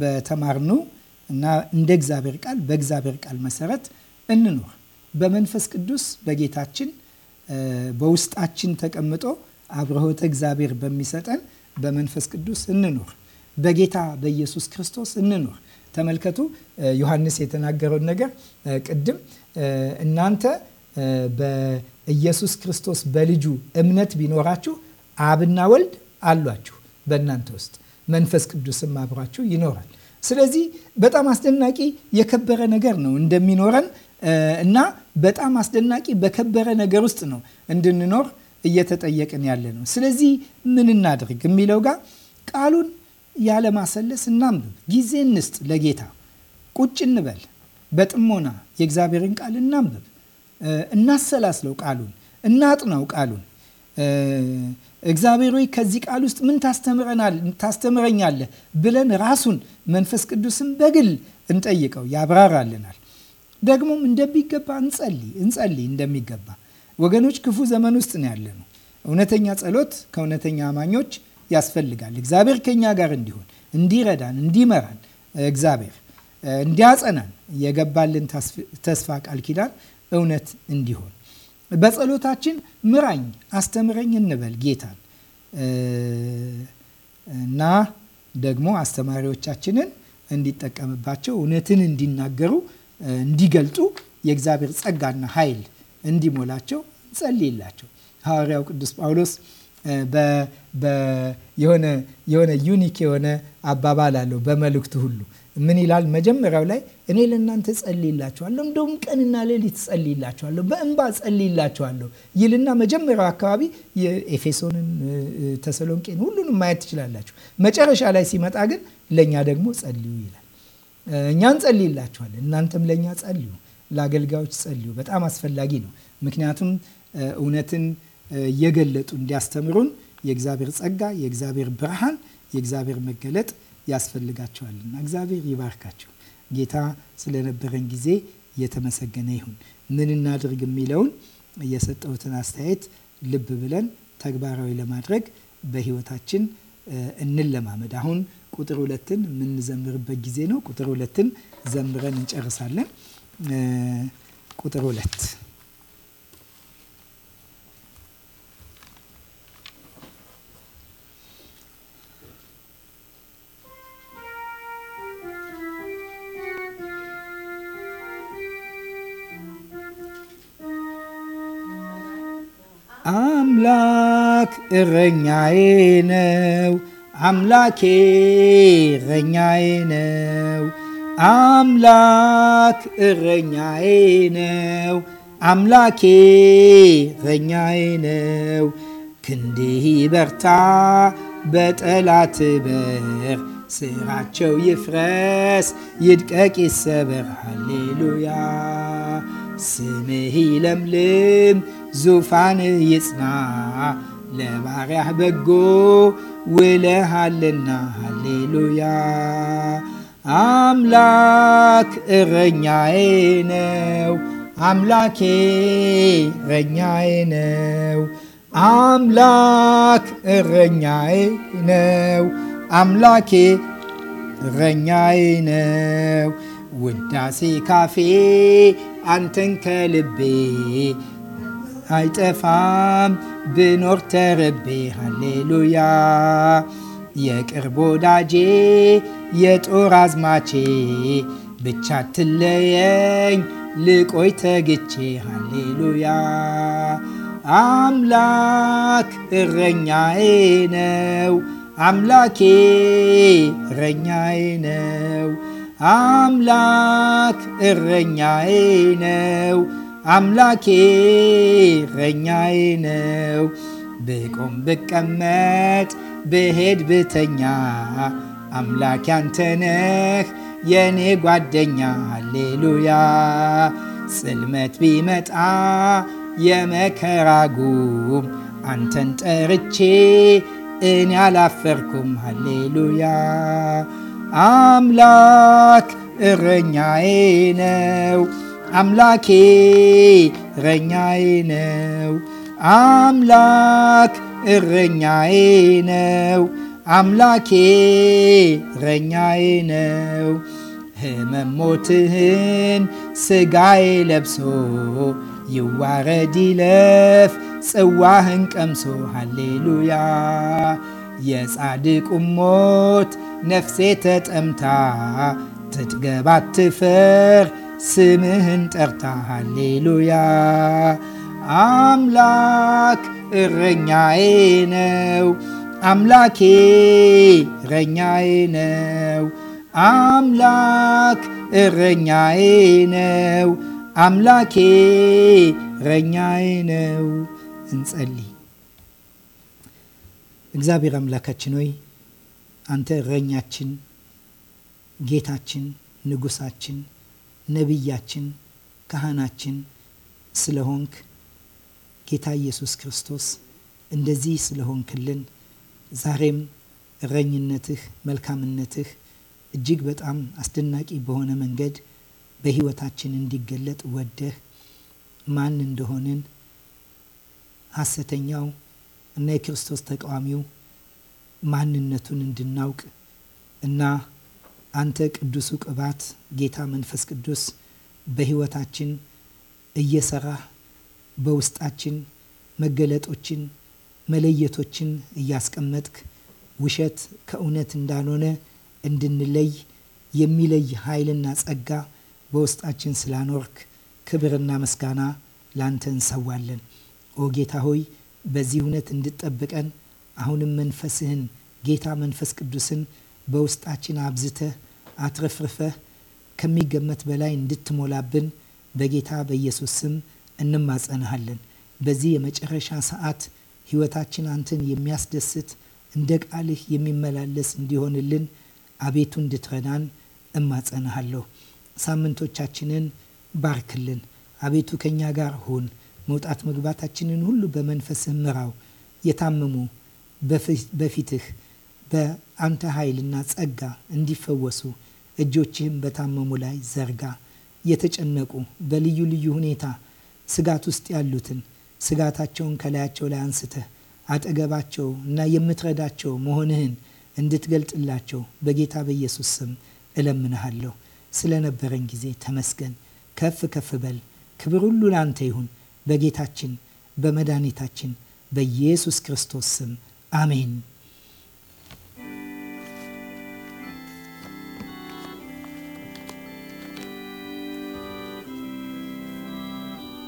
Speaker 1: በተማርነው እና እንደ እግዚአብሔር ቃል በእግዚአብሔር ቃል መሰረት እንኑር። በመንፈስ ቅዱስ በጌታችን በውስጣችን ተቀምጦ አብርሆተ እግዚአብሔር በሚሰጠን በመንፈስ ቅዱስ እንኑር። በጌታ በኢየሱስ ክርስቶስ እንኑር። ተመልከቱ ዮሐንስ የተናገረውን ነገር ቅድም እናንተ በኢየሱስ ክርስቶስ በልጁ እምነት ቢኖራችሁ አብና ወልድ አሏችሁ በእናንተ ውስጥ መንፈስ ቅዱስም አብሯችሁ ይኖራል። ስለዚህ በጣም አስደናቂ የከበረ ነገር ነው እንደሚኖረን እና በጣም አስደናቂ በከበረ ነገር ውስጥ ነው እንድንኖር እየተጠየቅን ያለ ነው። ስለዚህ ምን እናድርግ የሚለው ጋር ቃሉን ያለማሰለስ እናንብብ፣ ጊዜ እንስጥ ለጌታ፣ ቁጭ እንበል በጥሞና የእግዚአብሔርን ቃል እናንብብ፣ እናሰላስለው፣ ቃሉን እናጥናው። ቃሉን እግዚአብሔር ሆይ ከዚህ ቃል ውስጥ ምን ታስተምረኛለህ ብለን ራሱን መንፈስ ቅዱስን በግል እንጠይቀው፣ ያብራራልናል። ደግሞም እንደሚገባ እንጸልይ እንጸልይ እንደሚገባ ወገኖች፣ ክፉ ዘመን ውስጥ ነው ያለ ነው። እውነተኛ ጸሎት ከእውነተኛ አማኞች ያስፈልጋል። እግዚአብሔር ከኛ ጋር እንዲሆን እንዲረዳን፣ እንዲመራን እግዚአብሔር እንዲያጸናን የገባልን ተስፋ ቃል ኪዳን እውነት እንዲሆን በጸሎታችን ምራኝ፣ አስተምረኝ እንበል ጌታን እና ደግሞ አስተማሪዎቻችንን እንዲጠቀምባቸው እውነትን እንዲናገሩ እንዲገልጡ የእግዚአብሔር ጸጋና ኃይል እንዲሞላቸው ጸልይላቸው። ሐዋርያው ቅዱስ ጳውሎስ የሆነ ዩኒክ የሆነ አባባል አለው በመልእክቱ ሁሉ ምን ይላል መጀመሪያው ላይ እኔ ለእናንተ ጸልይላችኋለሁ፣ እንደውም ቀንና ሌሊት ጸልይላችኋለሁ፣ በእንባ ጸልይላችኋለሁ ይልና መጀመሪያው አካባቢ የኤፌሶንን፣ ተሰሎንቄን ሁሉንም ማየት ትችላላችሁ። መጨረሻ ላይ ሲመጣ ግን ለእኛ ደግሞ ጸልዩ ይላል። እኛ እንጸልይላችኋለን፣ እናንተም ለእኛ ጸልዩ፣ ለአገልጋዮች ጸልዩ። በጣም አስፈላጊ ነው። ምክንያቱም እውነትን እየገለጡ እንዲያስተምሩን የእግዚአብሔር ጸጋ፣ የእግዚአብሔር ብርሃን፣ የእግዚአብሔር መገለጥ ያስፈልጋቸዋልና እግዚአብሔር ይባርካቸው። ጌታ ስለነበረን ጊዜ የተመሰገነ ይሁን። ምን እናድርግ የሚለውን የሰጠሁትን አስተያየት ልብ ብለን ተግባራዊ ለማድረግ በህይወታችን እንለማመድ። አሁን ቁጥር ሁለትን የምንዘምርበት ጊዜ ነው። ቁጥር ሁለትን ዘምረን እንጨርሳለን። ቁጥር ሁለት አምላክ እረኛዬ ነው። አምላኬ እረኛዬ ነው። አምላክ እረኛዬ ነው። አምላኬ እረኛዬ ነው። ክንድህ በርታ በጠላት በር፣ ስራቸው ይፍረስ ይድቀቅ ይሰበር። ሃሌሉያ ስምህ ለምልም ዙፋን ይጽና ለባሪያህ በጎ ውለሃልና፣ ሃሌሉያ። አምላክ እረኛዬ ነው፣ አምላኬ እረኛዬ ነው። አምላክ እረኛዬ ነው፣ አምላኬ እረኛዬ ነው። ውዳሴ ካፌ አንተን ከልቤ አይጠፋም ብኖር ተርቤ ሃሌሉያ የቅርብ ወዳጄ የጦር አዝማቼ ብቻ ትለየኝ ልቆይ ተግቼ ሃሌሉያ አምላክ እረኛዬ ነው አምላኬ እረኛዬ ነው አምላክ እረኛዬ ነው አምላኬ እረኛዬ ነው። ብቆም ብቀመጥ ብሄድ ብተኛ አምላኬ አንተ ነህ የእኔ ጓደኛ። ሃሌሉያ ጽልመት ቢመጣ የመከራ ጉም አንተን ጠርቼ እኔ አላፈርኩም። ሃሌሉያ አምላክ እረኛዬ ነው አምላኬ እረኛዬ ነው። አምላክ እረኛዬ ነው። አምላኬ እረኛዬ ነው። ህመሞትህን ስጋዬ ለብሶ ይዋረድ ይለፍ ጽዋህን ቀምሶ ሃሌሉያ የጻድቁ ሞት ነፍሴ ተጠምታ ትጥገባት ትፈር ስምህን ጠርታ ሃሌሉያ አምላክ እረኛዬ ነው አምላኬ እረኛዬ ነው አምላክ እረኛዬ ነው አምላኬ እረኛዬ ነው። እንጸልይ። እግዚአብሔር አምላካችን ሆይ አንተ እረኛችን፣ ጌታችን፣ ንጉሳችን፣ ነቢያችን፣ ካህናችን ስለሆንክ ጌታ ኢየሱስ ክርስቶስ እንደዚህ ስለሆንክልን ዛሬም እረኝነትህ፣ መልካምነትህ እጅግ በጣም አስደናቂ በሆነ መንገድ በህይወታችን እንዲገለጥ ወደህ ማን እንደሆንን ሐሰተኛው እና የክርስቶስ ተቃዋሚው ማንነቱን እንድናውቅ እና አንተ ቅዱሱ ቅባት ጌታ መንፈስ ቅዱስ በህይወታችን እየሰራህ በውስጣችን መገለጦችን መለየቶችን እያስቀመጥክ ውሸት ከእውነት እንዳልሆነ እንድንለይ የሚለይ ኃይልና ጸጋ በውስጣችን ስላኖርክ ክብርና ምስጋና ላንተ እንሰዋለን። ኦ ጌታ ሆይ በዚህ እውነት እንድጠብቀን አሁንም መንፈስህን ጌታ መንፈስ ቅዱስን በውስጣችን አብዝተህ አትረፍርፈህ ከሚገመት በላይ እንድትሞላብን በጌታ በኢየሱስ ስም እንማጸንሃለን። በዚህ የመጨረሻ ሰዓት ሕይወታችን አንተን የሚያስደስት እንደ ቃልህ የሚመላለስ እንዲሆንልን አቤቱ እንድትረዳን እማጸንሃለሁ። ሳምንቶቻችንን ባርክልን። አቤቱ ከእኛ ጋር ሁን። መውጣት መግባታችንን ሁሉ በመንፈስህ ምራው። የታመሙ በፊትህ በአንተ ኃይልና ጸጋ እንዲፈወሱ እጆችህም በታመሙ ላይ ዘርጋ። የተጨነቁ በልዩ ልዩ ሁኔታ ስጋት ውስጥ ያሉትን ስጋታቸውን ከላያቸው ላይ አንስተህ አጠገባቸው እና የምትረዳቸው መሆንህን እንድትገልጥላቸው በጌታ በኢየሱስ ስም እለምንሃለሁ። ስለነበረን ጊዜ ተመስገን። ከፍ ከፍ በል። ክብር ሁሉ ለአንተ ይሁን። በጌታችን በመድኃኒታችን በኢየሱስ ክርስቶስ ስም አሜን።